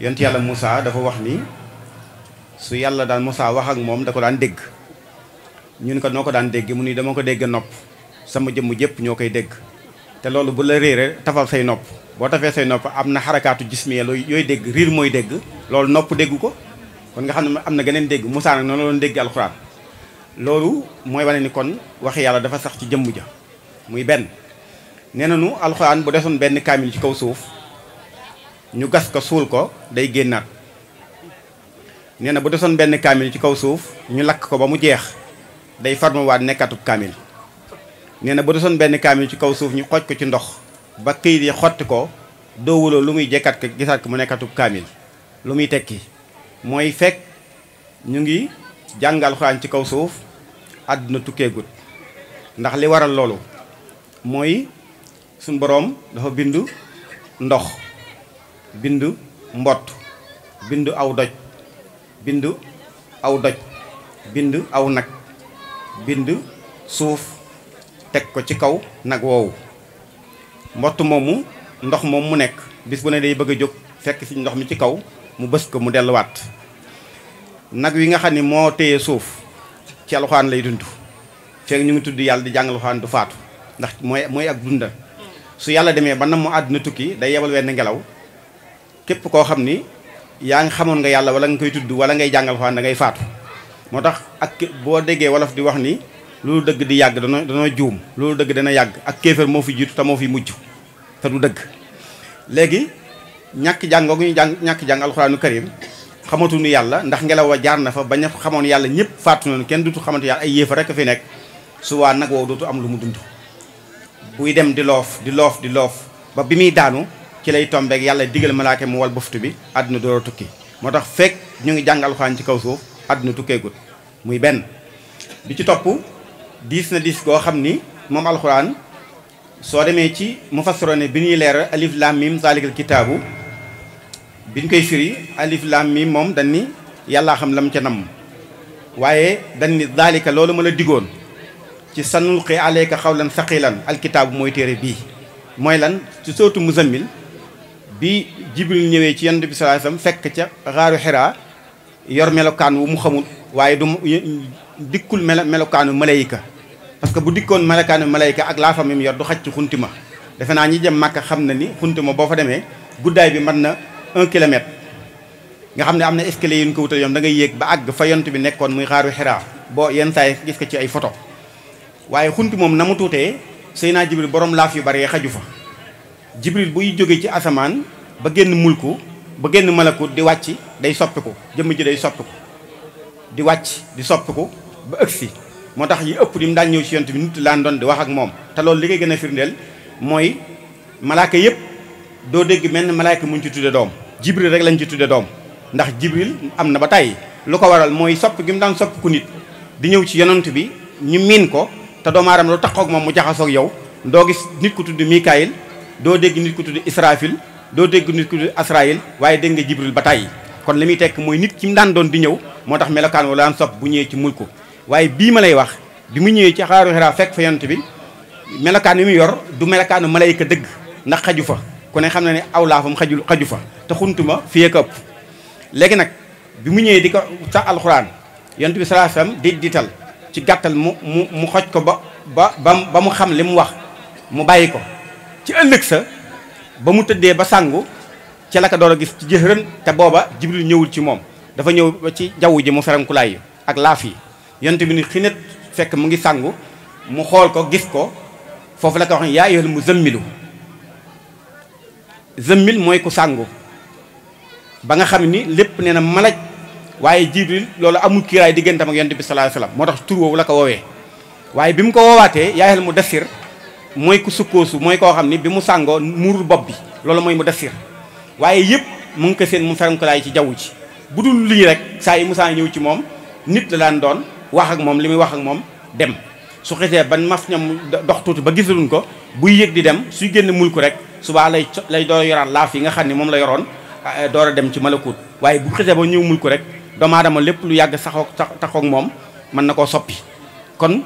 yont yàlla Moussa dafa wax ni su yàlla daan musaa wax ak moom da ko daan dégg ñun ko noo ko daan dégg mu ni dama ko dégg nopp sama jëmm jépp ñoo koy dégg te loolu bu la réere tafal say nopp boo tafee say nopp am na xarakaatu jismiya looy yooyu dégg riir mooy dégg loolu nopp dégg ko kon nga xam ne am na geneen dégg Moussa nag noonu la doon alxuraan loolu mooy wane ni kon wax yàlla dafa sax ci jëmm ja muy benn nee nañu alxuraan bu desoon benn kaamil ci kaw suuf ñu gas ko suul ko day génnaat nee na bu desoon benn kaamil ci kaw suuf ñu lakk ko ba mu jeex day farmuwaat nekkatub kaamil nee na bu benn kaamil ci kaw suuf ñu xooj ko ci ndox ba këyit yi xotti ko doowuloo lu muy jekkaat ko gisaat ko mu nekkatub kaamil lu muy tekki mooy fekk ñu ngi jàng alxuraan ci kaw suuf àdduna tukkeegut ndax li waral loolu mooy suñ boroom dafa bind ndox bind mbott bindu aw doj bind aw doj bind aw nag bind suuf teg ko ci kaw nag woowu mbott moomu ndox moom mu nekk bis bu ne day bëgg a jóg fekk si ndox mi ci kaw mu bës ko mu delluwaat nag wi nga xam ne moo téye suuf ci alxuraan lay dund feeg ñu ngi tudd yàlla di jàng du faatu ndax mooy mooy ak dundal su yàlla demee ba na mu àdduna tukki day yebal wenn ngelaw képp koo xam ni yaa ngi xamoon nga yàlla wala nga koy tudd wala ngay jàngal alxuraan ngay faatu moo tax ak boo déggee wolof di wax ni loolu dëgg di yàgg dana dana juum loolu dëgg dana yàgg ak kéefër moo fi jiitu te moo fi mujj te du dëgg léegi ñàkk jàng googu ñu jàng ñàkk jàng alxuraanu karim xamatuñu yàlla ndax ngelaw a jaar na fa ba a xamoon yàlla ñëpp faatu nañu kenn dutu xamante yàlla ay yéefa rek fi nekk suwaa nag dootu am lu mu dund buy dem di loof di loof di loof ba bi muy daanu ci lay tombeek yàlla digal malaake mu wal boftu bi àdduna door tukki moo tax fekk ñu ngi jàng alxuraan ci kaw suuf àdduna tukkeegut muy benn bi ci topp diis na diis goo xam ni moom alxuraan soo demee ci mufassirone bi ñuy leeral alif lam mim zalikal kitaabu biñ koy firi alif lam moom dañ ni yàllaa xam lam ca namm waaye dañ ni daalika loolu ma la digoon ci sanulqi alayka xawlan saqilan alkitaabu mooy téere bii mooy lan ci mu muzammil bi jibril ñëwee ci yonent bi sallallahu alayhi fekk ca xaaru xiraa yor melokaan wu mu xamul waaye du dikkul melo melokaanu malayka parce que bu dikkoon malakaanu malayka ak laafam yi mu yor du xaj ci xunti ma defe naa ñi jëm màkka xam na ni xunti ma boo fa demee guddaay bi mën na un kilomètre nga xam ne am na escalier yu ñu ko wutal yoon da yéeg ba àgg fa yont bi nekkoon muy xaaru xiraa boo yenn saa yi gis ko ci ay foto waaye xunti moom na mu tuutee sëy naa jibril borom laaf yu bare xaju fa jibril buy jóge ci asamaan ba génn mulku ba génn malakut di wàcc day soppiku jëmm ji day di wàcc di soppiku ba ëgsi moo tax yi ëpp di mu daan ñëw ci yonent bi nit laan doon di wax ak moom te loolu li koy gën a firndeel mooy malaaka yëpp doo dégg mel ne malaaka mu ci tudde doom jibril rek lañ ci tudde doom ndax jibril am na ba tey lu ko waral mooy sopp gi mu daan sopp ku nit di ñëw ci yonent bi ñu miin ko te doomu aadama lu taxoog moom mu jaxasoog yow doo gis nit ku tudd mikaayil doo dégg nit ku tudd israfil doo dégg nit ku tudd asraayil waaye dégg nga jibril ba tey kon li muy tekk mooy nit ki mu daan doon di ñëw moo tax melokaan daan sopp bu ñëwee ci mulku waaye bii ma lay wax bi mu ñëwee ci xaaru Hira fekk fa yonent bi melokaan yi mu yor du melokaanu malayka dëgg ndax xaju fa ku ne xam na ne aw laafam xaju xaju fa te xuntuma fiyee ko ëpp léegi nag bi mu ñëwee di ko sa alxuraan yonent bi sallallahu di diital ci gàttal mu mu mu xoj ko ba ba ba mu xam li mu wax mu bàyyi ko ci ëllëg sa ba mu tëddee ba sangu ci la ko door a gis ci jëxërën te booba jibril ñëwul ci moom dafa ñëw ci jaww ji mu ferenkulaay ak laaf yi yonent bi ni xinet fekk mu ngi sangu mu xool ko gis ko foofu la ko wax ne yaa ayyuhal muzammilu zëmmil mooy ku sangu ba nga xam ni lépp nee na malaj waaye jibril loolu amul kiiraay diggantam ak yonent bi sallallahu alayhi moo tax tur woowu la ko woowee waaye bi mu ko woowaatee yaayal mu dasir mooy ku sukkoosu mooy koo xam ni bi mu sàngoo muurul bopp bi loolu mooy mu dasir waaye yëpp mu ngi ko seen mu feranko laay ci jaww ji bu dul lii rek saa yi musaa ñëw ci moom nit la daan doon wax ak moom li muy wax ak moom dem su xisee ban maf ñam dox tuuti ba gisaluñ ko buy yëg di dem suy génn mul ko rek subaa lay lay door yoraat laaf yi nga xam ne moom la yoroon ah, eh, door a dem ci malakuut waaye bu xisee ba ñëw mul ko rek doomu aadama lépp lu yàgg saxoo taxoog moom mën na koo soppi kon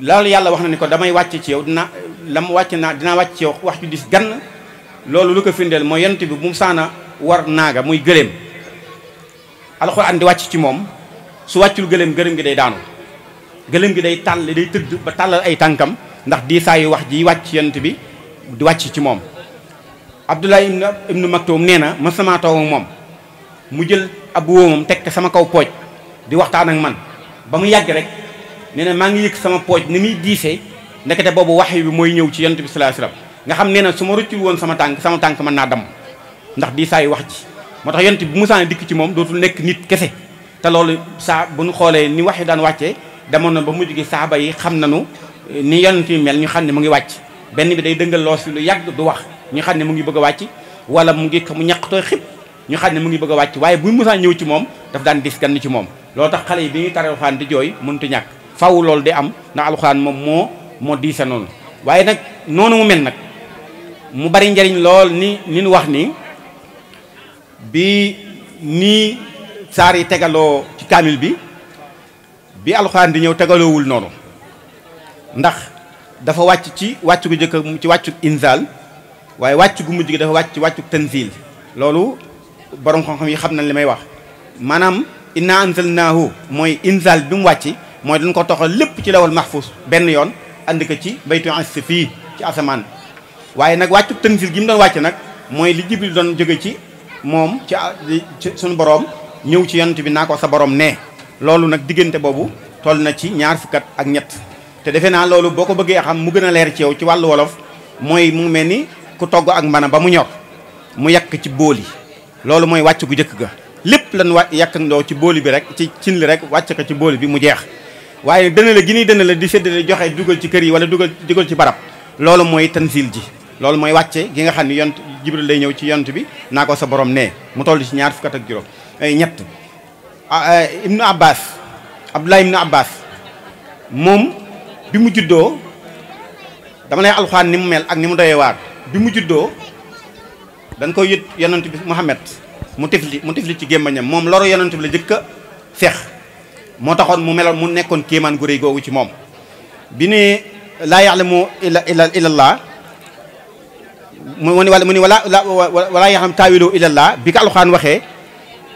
loolu yàlla wax na ni ko damay wàcc ci yow dina lam wàcc naa dinaa wàcc ci yow wax ju dis gann loolu lu ko firndeel mooy yonent bi mu saana war naaga muy gëléem alxuraan wàcc ci moom su wàccul gëléem gëléem gi day daanu gëléem gi day tàll day tëdd ba tàllal ay tànkam ndax diisaayu wax ji wàcc yent bi di wàcc ci moom abdoulaye ibnu ibnu maktoum nee na ma sama toog moom mu jël ab wóomam teg sama kaw pooj di waxtaan ak man ba mu yàgg rek nee na maa ngi yëg sama pooj ni muy diisee ndekete boobu wax bi mooy ñëw ci yent bi sallallahu alayhi wasallam nga xam nee na su ma rëccul woon sama tànk sama tànk man naa damm ndax diisaayu wax ji moo tax yent bi bu musaane dikk ci moom dootul nekk nit kese te loolu saa bu ñu xoolee ni wax yi daan wàccee demoon na ba mujj gi saaba yi xam nañu eh, ni yonent yi mel ñu xam ne mu ngi wàcc benn bi day dëngal loos fi lu yàgg du wax ñu xam ne mu ngi bëgg a wàcc wala mu ngi mu ñaqtoo xib ñu xam ne mu ngi bëgg a wàcc waaye bu mosaan ñëw ci moom daf daan dis gan ci moom loolu tax xale yi bi ñu tare alxuraan di jooy mënut ñàkk faw loolu di am na alxuraan moom moo moo diise noonu waaye nag noonu mu mel nag mu bari njariñ lool ni ni wax ni bi saar yi tegaloo ci kaamil bi bi alxuraan di ñëw tegaloowul noonu ndax dafa wàcc ci wàcc gu jëkk ci wàccu inzal waaye wàcc gu mujj gi dafa wàcc ci wàccu tanzil loolu borom xam-xam yi xam na li may wax maanaam inna anzalnaahu mooy inzal bi mu wàcc mooy dañ ko toxal lépp ci lawal mahfus benn yoon andi ko ci baytu ansi fii ci asamaan waaye nag wàccu tanzil gi mu doon wàcce nag mooy li jibril doon jóge ci moom ci ci suñu boroom ñëw ci yonent bi naa ko sa borom nee loolu nag diggante boobu toll na ci ñaar fukkat ak ñett te defe naa loolu boo ko bëggee xam mu gën a leer ci yow ci wàllu wolof mooy mu mel ni ku togg ak mbana ba mu ñor mu yàq ci bool yi loolu mooy wàcc gu jëkk ga lépp lan wa yàkkandoo ci booli bi rek ci cin li rek wàcc ko ci booli bi mu jeex waaye dëna la gi nii dëna la di séddale joxe dugal ci kër yi wala dugal dugal ci barab loolu mooy tansil ji loolu mooy wàcce gi nga xam ne yont jibril lay ñëw ci yont bi naa ko sa borom nee mu toll ci ñaar fukkat ak juróom Eh, ñett ah, eh, ibnu abbas abdullah ibnu abbas moom bi mu juddoo dama lay alxuraan ni mu mel ak ni mu doyee waar bi mu juddoo dañ koy yët yonent bi Muhammad mu tifli mu tifli ci gémmañam moom loru yonent la jëkk a moo taxoon mu meloon mu nekkoon kéemaan gu réy googu ci moom bi ne laa yaxlamu ila ila ilallah mu ni wala mu ni wala wala yaxlam taawilu ilallah bi ko alxuraan waxee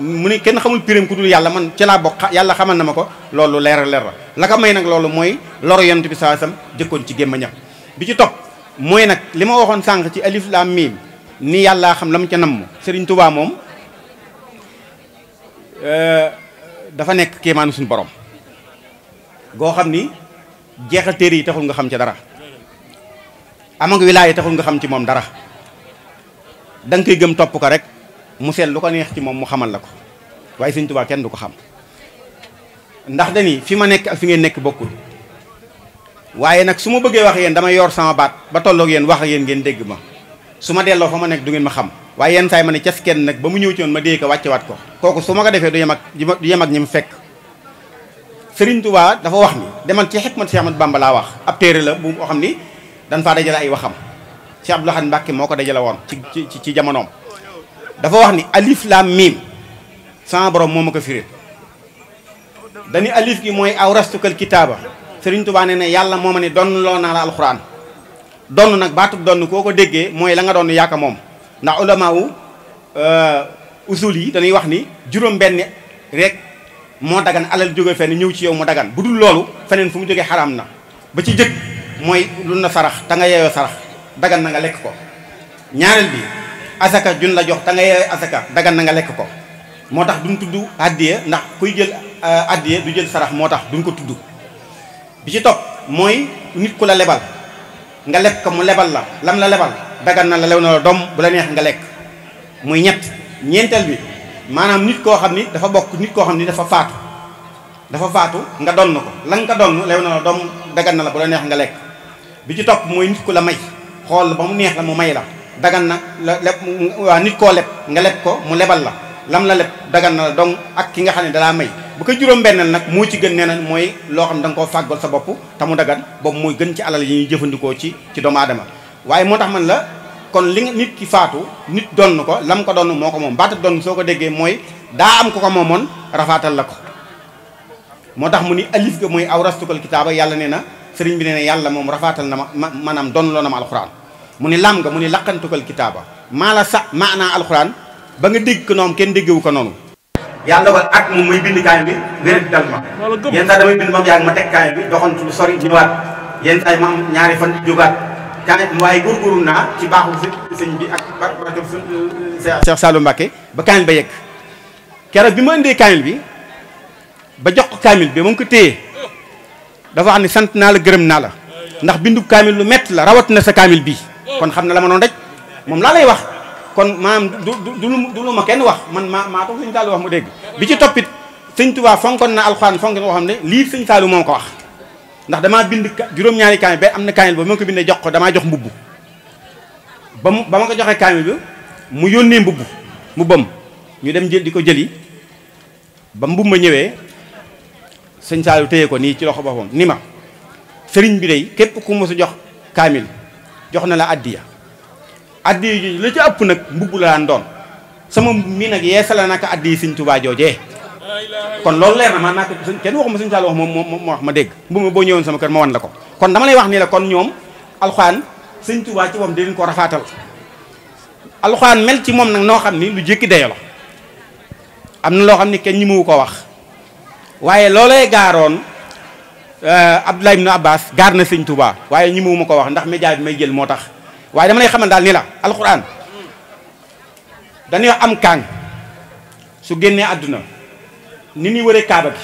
mu ne kenn xamul pirim ku dul yàlla man ci laa bokk yàlla xamal na ma ko loolu leer leer la ko may nag loolu mooy loru yonent bi saa sam jëkkoon ci gémmañam bi ci topp mooy nag li ma waxoon sànq ci alif laam miim ni yàllaa xam la mu ca nam Serigne Touba moom euh, nekk kéemaanu suñu borom goo ni jeexal téere yi taxul nga xam ci dara amag wilaay yi taxul nga xam ci moom dara da nga koy gëm topp ko rek mu seet lu ko neex ci moom mu xamal la ko waaye sëñ Tuubaa kenn du ko xam ndax dani fi ma nekk ak fi ngeen nekk bokkul waaye nag su ma bëggee wax yéen dama yor sama baat ba tolloog yéen wax ak yéen ngeen dégg ma su ma delloo fa ma nekk du ngeen ma xam waaye yenn saay ma ne ces kenn nag ba mu ñëw ci woon ma dee wàcce wàccewaat ko kooku su ma ko defee du yem ak du yem ak ñi mu fekk Sëriñ Tuubaa dafa wax ni demal ci xikmat Cheikh Ahmad Bamba laa wax ab téere la bu boo ni dañ faa dajale ay waxam Cheikh Abdoul Ahad Mbacke moo ko dajale woon ci ci ci jamonoom dafa wax ni alif laam miim sama borom moo ma ko firil dañu alif gi mooy aw rastukal kitaaba Sëriñ Tuubaa nee na yàlla moo ma ne donn loo naa la alxuraan donn nag baatub donn koo ko déggee mooy la nga doon yàkka moom ndax ulama wu euh, usul yi dañuy wax ni juróom benn rek moo dagan alal jóge fenn ñëw ci yow mu dagan bu dul loolu feneen fu mu jógee xaraam na ba ci jëkk mooy lu na sarax te nga yeeyoo sarax dagan na nga lekk ko ñaareel bi asaka jun la jox te nga yore asaka dagan na nga lekk ko moo tax duñ tudd addiya ndax kuy jël euh, addiya du jël sarax moo tax duñ ko tudd bi ci topp mooy nit ku la lebal nga leb ko mu lebal la lam la lebal dagan na la lew na la doom bu la neex nga lekk muy ñett ñeenteel bi maanaam nit koo xam ni dafa bokk nit koo xam ni dafa faatu dafa faatu nga donn ko la nga ko donn lew na la doom dagan na la bu la neex nga lekk bi ci topp mooy nit ku la may xool ba mu neex la mu dagan na la leb waa nit koo leb nga leb ko mu lebal la lam la leb dagan na la dong ak ki nga xam ne dalaa may bu ko juróom-benneel nag moo ci gën nee na mooy loo xam ne da nga koo sa bopp te mu dagan boobu moo gën ci alal yi ñuy jëfandikoo ci ci doomu aadama waaye moo tax man la kon li nga nit ki faatu nit donn ko lam ko donn moo ko moom baata donn soo ko déggee mooy daa am ko ko moomoon rafaatal la ko moo tax mu ni alif ga mooy aw rastukal kitaaba yàlla nee na sëriñ bi nee yàlla moom rafaatal na ma maanaam donn loo na ma alxuraan mu ni lam nga mu ni laqantukal kitaaba maa la sa maanaa alxuraan ba nga dégg ko noonu kenn déggewu ko noonu yàlla dogal ak moom muy bind kaay bi wér dal ma lu sori ñëwaat yenn saa ma am ñaari fan jógaat kaay waaye góorgóorlu naa ci baaxul sëñ bi ak barke euh, Cheikh ba kaamil ba yegg keroog bi ma indee kaamil bi ba jox kaamil bi moom ko téye dafa xam ne sant naa la gërëm naa la ndax bindu kaamil lu métti la rawat na sa kaamil bii kon xam na la ma noon rek moom laa lay wax kon maam du du lu ma kenn wax man maa maa ko sëñ Saalu wax mu dégg bi ci toppit sëñ Tuubaa fonkoon na alxuraan fonk na xam ne lii sëñ Saalu moom ko wax ndax damaa bind juróom-ñaari kaamil ba am na kaamil ba ma ko bindee jox ko damaa jox mbubb ba mu ba ma ko joxee kaamil bi mu yónnee mbubb mu ñu dem jël di ko jëli ba mbubb ma ñëwee sëñ Saalu téye ko nii ci loxo boppam ni ma sëriñ bi dey képp ku ma su jox kaamil jox na la addiya addiya jooju la ci ëpp nag mbubb la daan doon sama mbubb mi nag yeesala naka addiya sëñ Tuubaa joojee kon loolu leer na man naa ko kenn waxuma sëñ Saliou wax moom moom wax ma dégg mbubb ma boo ñëwoon sama kër ma wan la ko kon dama lay wax nii la kon ñoom alxaan sëñ Tuubaa ci moom dinañ ko rafaatal alxaan mel ci moom nag noo xam ni lu jékki dayo la am na loo xam ni kenn ñi mu ko wax waaye loolee gaaroon Euh, Abdoulaye ibn Abbas gaar na sëñ Touba waaye ñi mu ma ko wax ndax média bi may jël moo tax waaye dama lay xamal daal ni la alxuraan dañoo am kaang su génnee àdduna ni ñuy wëree kaaba gi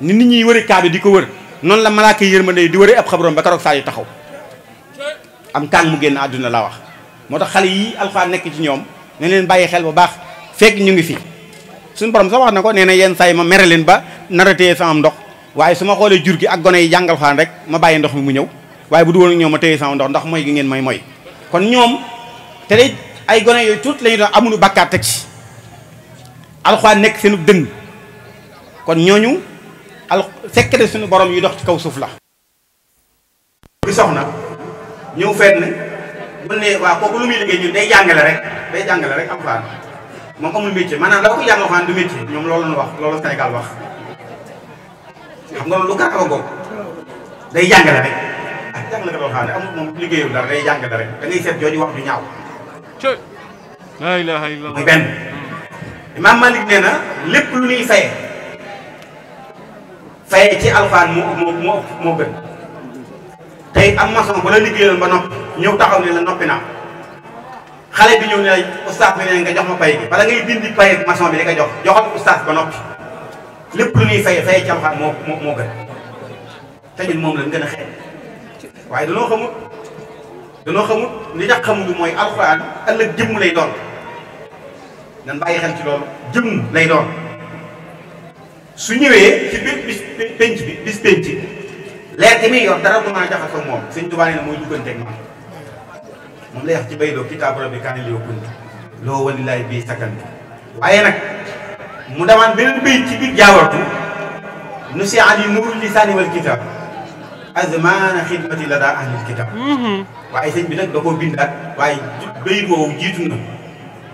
ni nit ñuy wëree kaaba di ko wër noonu la malaaka yërmande di wëree ab xabroom ba keroog saa yi taxaw am kaang mu génn àdduna laa wax moo tax xale yi alxuraan nekk ci ñoom ne leen bàyyi xel bu baax fekk ñu ngi fi suñ borom sax wax na ko nee na yenn saa yi ma mere leen ba nar a ndox waaye su ma xoolee jur gi ak gone yi jàngal xaan rek ma bàyyi ndox mi mu ñëw waaye bu du woon ak ñoom ma téye sama ndox ndax mooy gi ngeen may mooy kon ñoom te day ay gone yooyu tuut lañu doon amuñu bàkkaar teg ci alxuraan nekk seenu dëng kon ñooñu al secret suñu borom yu dox ci kaw suuf la bi soxna ñëw feet ne bu lu muy liggéey day jàngale rek day jàngale rek alxuraan moom ko jàng du métier ñoom loolu la wax loolu Sénégal wax xam nga lu garaaw a googu day jàngale rek ah jàngale ko loo ne amul moom liggéeyam dara day jàngale rek da seet jooju wax ju ñaaw. la ilaha illallah muy benn. Imam Malik nee na lépp lu ñuy fayee fayee ci alxuraan moo moo moo moo gën am maçon bu ba noppi ñëw taxaw ne la noppi naa xale bi ñëw ne la ustaas bi ne nga jox ma pay bi bala ngay dindi pay maçon bi di jox joxal ustaas ba noppi. lépp lu ñuy fay fay ci alxuraan moo moo gën te ñun moom lañ gën a xeeb waaye danoo xamut danoo xamut li tax xamuñu mooy alxuraan ëllëg jëmm lay doon nan bàyyi xel ci loolu jëmm lay doon su ñëwee ci biir bis penc bi bis penc leer gi muy yor dara du mën jaxasoo moom sëñ Tuubaa na mooy dugganteeg man moom lay wax ci bay doo kitaabu rabbi kaana li yokkundi loo walilaay bii sakkan waaye nag mu dawaan beneen bayit ci biir jaawartu nu si ani nuuru lisaani wal kitab azmaana xidmati la daa ahlil kitab mhm. waaye sëñ bi nag da koo bindaat waaye bayit woowu jiitu na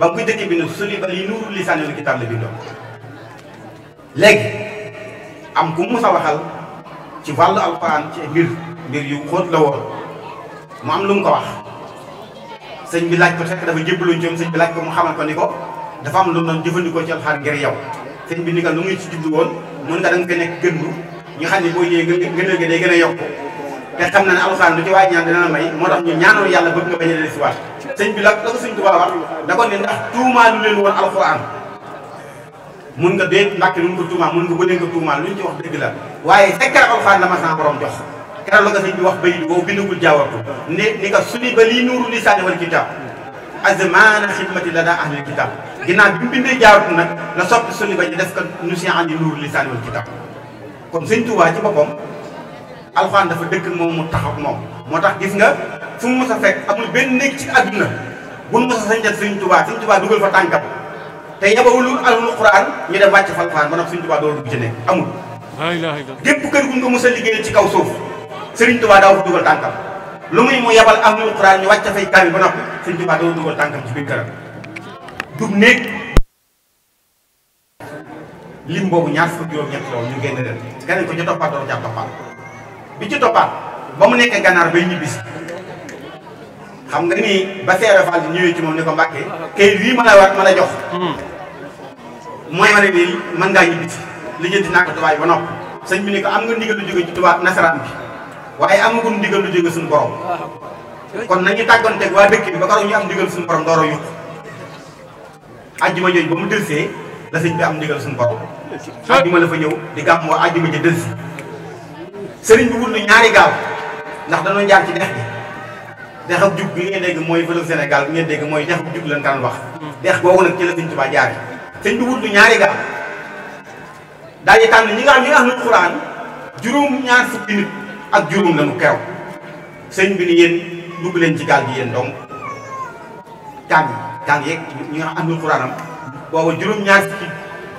ba mu koy dëkk bi nag suli ba li nuuru lisaani wal la bindoo léegi am ku mu sa waxal ci wàllu alquran ci mbir mbir yu xóot la woon mu am lu mu ko wax sëñ bi laaj ko fekk dafa jébbaloo ci sëñ bi laaj ko mu xamal ko ni ko dafa am lu mu doon jëfandikoo ci alxaar ngir yow sëñ bi ni ko lu muy ci jublu woon mun nga da nga fay nekk gëndu ñu xam ne boo ñëwee ngëneel gi day gën a yokk te xam na ne alxaar lu ci waay ñaan dina la may moo tax ñu ñaanal yàlla bëgg nga bañ a dellusi waat sëñ bi la la ko sëñ Tuubaa wax da ko ne ndax tuumaalu leen woon alxuraan mun nga dee mbàkke lu ñu ko tuumaal mun nga bëlee nga tuumaal lu ñu ci wax dëgg la waaye fekkar alxuraan la ma sama borom jox keroog la ko sëñ bi wax bayit boobu bindagul jaawartu ne ni ko su ni ba lii nuuru lisaani wal kitaab azmaana xidmati la daa ahlil kitaab ginnaaw bi mu bindee jaarut nag la soppi soli ba ñu def ko ñu andi nuur lisaan wal kon sëñ Tuubaa ci boppam alxuraan dafa dëkk moom mu taxaw moom moo tax gis nga fu mu mos a fekk amul benn néeg ci adduna bu mu mos a sañjal sëñ Tuubaa sëñ Tuubaa dugal fa tànkam te yabawul alul quraan ñu dem wàcc falxuraan ba nag sëñ Tuubaa doolu dugg ci amul gépp kër guñ ko mos a liggéey ci kaw suuf sëriñ Tuubaa daaw fa dugal lu muy mu yabal am ñu Alxuraan ñu wàcc fay kaamil ba noppi Sëriñ Tuubaa doo dugal tànkam ci biir këram dub néeg lim boobu ñaar fukk juróom-ñett loolu ñu génn leen gane ko ci toppaat doon jàpp bi ci toppaat ba mu nekkee gànnaar bay ñibbisi xam nga ni ba seere Fall di ñëwee ci moom ni ko Mbàkke kayit wii ma la war ma la jox hmm. mooy wane ni mën ngaa ñibbisi lijjanti naa ko tubaab ba noppi sa bi ni ko am nga ndigal lu jóge ci tubaab nasaraan bi waaye amagul ndigal lu jóge suñu borom kon nañu tàgganteeg waa dëkk bi ba karoog ñu am ndigal suñu borom dooro yuq ajjuma jooju mu dëlsee la sëñ bi am ndigal suñu borom ajjuma la fa ñëw di gàmm waa ajjuma ja dëlsi sëriñ bi ñaari gaal ndax dañoo jaar ci dex bi dexab jug bi ngeen dégg mooy vëlëg Sénégal bi ngeen dégg mooy dexab jug lañ daan wax dex googu nag ci la sëñ Tuubaa jaar sëñ bi wut na ñaari gaal daal di tànn ñi nga xam ñi nga xam ne Alxuraan juróom ñaar fukki nit ak juróom lañu keroog sëñ bi ni yéen dugg leen ci gaal gi yéen dong jàng jàng yeeg am nga àndul xuraanam booba juróom-ñaar ci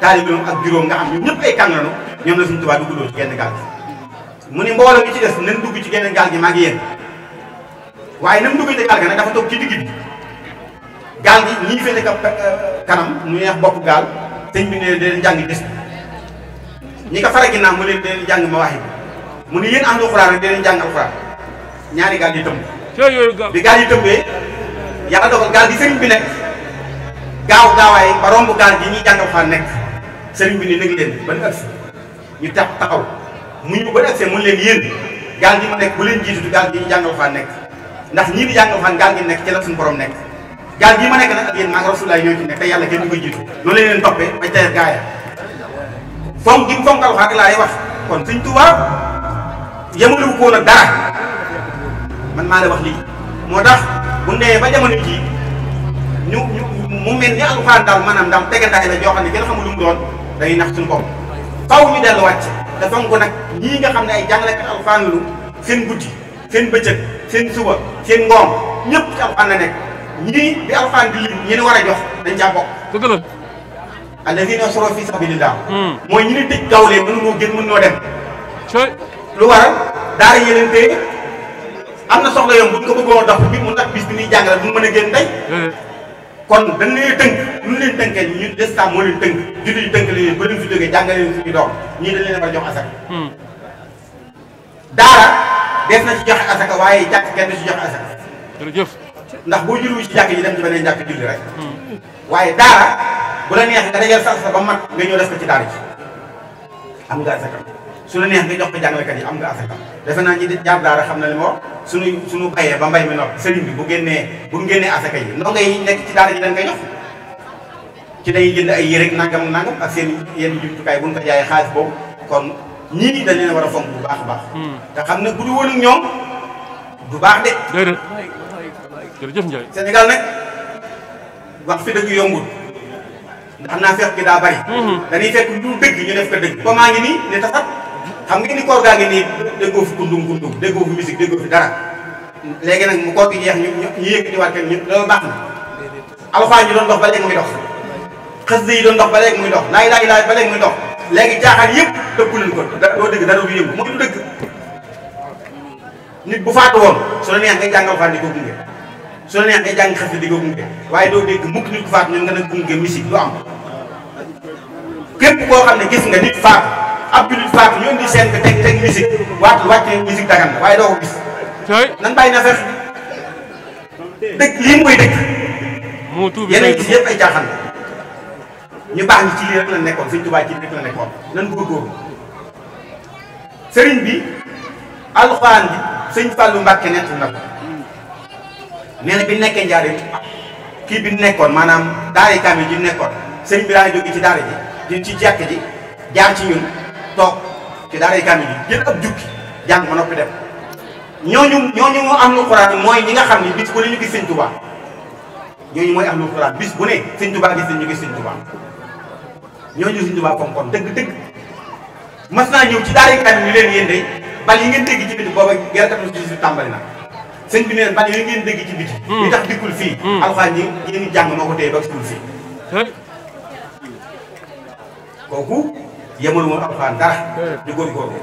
taalibeem ak juróom nga am ñun ñëpp ay kàng lañu ñoom la suñu gi mu ni mbooloo mi ci des nañ dugg ci genn gaal gi maa ngi yéen waaye nam dugg ci gaal gi nag dafa toog ci digg bi gaal gi ñii féete ka euh, kanam ñu neex bopp gaal sëñ bi ne leen jàng gis ñi ko fara ginnaaw mu leen leen jàng ma waxi mu ne yéen àndul xuraan rek dinañ jàng alxuraan ñaari gaal di tëmb. bi gaal di tëmbee yàlla dogal gaal gi sëriñ bi nekk gaaw gaawaay ba romb gaal gi ñuy jàng alxuraan nekk sëriñ bi ni nag leen ba ñu agsi ñu tax taxaw mu ñu ba se agsee mu leen yéen gaal gi ma nekk bu leen jiitu gaal gi ñu jàng alxuraan nekk ndax ñii di jàng alxuraan gaal gi nekk ci la suñu borom nekk. gaal gii ma nekk nag ak yéen maa ngi rasulaay ñoo ci nekk te yàlla kenn du ko jiitu loolu leen toppee bañ tayal gaaya fonk gi yemalewu ko woon man maa la wax lii moo tax bu ne ba jamono jii ñu ñu mu mel ni alxuraan daal maanaam ndax tegandaay la joo xam ne kenn xamul lu doon dañuy nax suñu bopp faw ñu delluwaat ci te fonk nag ñii nga xam ne ay jàngalekat alxuraan lu seen guddi seen bëccëg seen suba seen ngoom ñëpp ci alxuraan la nekk ñii bi alxuraan di lim ñi ne war a jox dañ caa bokk. dëgg la. allazina soro fi sabilillah hmm. mooy ñi ne tëj gawlee mënu noo dem. lu waral daara yeneen tey am na soxla yom buñ ko bëggoon dox bi mu ndax bis bi ñuy jàngale bu mën a génn tey hmm. kon dañ leen tënk lu leen tënkee ñu destam moo leen tënk julli tënk leen ba leen fi jógee jàngale leen doom ñu dañ a jox asaka hmm. daara def na ci joxe asaka waaye jàkk kenn ci joxe asaka jërëjëf ndax boo jëlu ci jàkk yi dem ci beneen jàkk julli rek hmm. waaye daara bu la neex nga dajal sa asaka ba man nga ñëw def ko ci daara ji am nga asaka su la neex nga jox ko jàngalekat yi am nga affaire defe naa ñi jaar daara xam na li ma wax suñu suñu bayee ba mbay mi noppi sëriñ bi bu génnee bu ñu génnee yi ndongo yi nekk ci daara ji dañ ci day jënd ay yére nangam nangam ak seen yenn jumtukaay bu ñu ko xaalis boobu kon ñii dañ leen war a fonk bu baax a baax. Hmm. te xam ne bu ñu wóolu ñoom du baax de. déedéet jërëjëf Ndiaye. Sénégal nag wax fi dëgg yombul. ndax naa feex gi daa bari. Hmm. dañuy fekk lu dëgg ñu def ko dëgg. comment ngi nii ne taxat. xam nga ni koor ngi nii déggoo fi kundum kundum déggoo fi musique déggoo fi dara léegi nag mu koor gi jeex ñu ñu yëkkatiwaat kenn ñu loolu baax na alxuraan yi doon dox ba léegi muy dox xasida yi doon dox ba léegi muy dox laa ilaaha illallaah ba léegi muy dox léegi jaaxaan yëpp dëggu leen ko doo dëgg dara du yëngu mooy dëgg nit bu faatu woon su la neex ngay jàng alxuraan di ko gunge su la neex ngay jàng xasida di ko gunge waaye doo dégg mukk nit ku faatu ñun nga ne gunge musique du am képp koo xam ne gis nga nit faatu ab jullit faatu ñu indi seen bi teg teg musique waatu wàccee musique dagan la waaye doo ko gis. nan bàyyi na fex dëkk lii mooy dëkk. moo yeneen ci yëpp ay jaaxal ñu baax ñi ci lii la nekkoon Sëriñ Tuubaa ci lii rek la nekkoon nan góorgóorlu sëriñ bi alxuraan bi sëñ Fallou Mbacke nett na ko nee na bi nekkee njaare kii bi nekkoon maanaam daara kaamil ji nekkoon sëriñ bi daana jóge ci daara ji di ci jàkk ji jaar ci ñun toog ci daaray kaamil yi jël ab jukki jàng ma noppi dem ñooñu ñooñu mu am lu xuraan mooy ñi nga xam ne bis bu ne ñu gis sëñ Tuubaa ñooñu mooy am lu xuraan bis bu ne sëñ Tuubaa gis ñu gis sëñ Tuubaa ñooñu sëñ Tuubaa fonkoon dëgg dëgg mas naa ñëw ci daaray kaamil ñu leen yéen de bal yi ngeen dégg ci biti booba guerre 98 tàmbali na sëñ bi neen bal yi ngeen dégg ci biti hmm. li tax dikkul fii hmm. alxuraan yi yéen jàng moo ko téye ba dikkul fii hmm. kooku yemul woon alxuraan dara ñu hmm. góorgóorlu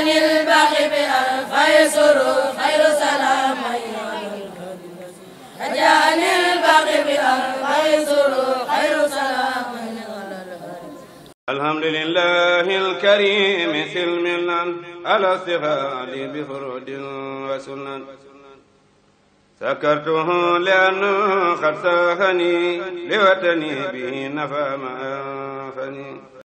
عن الباقي فيسر خير سلام رجاء عن الباقي فيسر خير سلام الحمد لله الكريم سلمنا على استفاد بفرد وسنن سكرته لأنه قد ساهني لوطني به نفى ما أنفني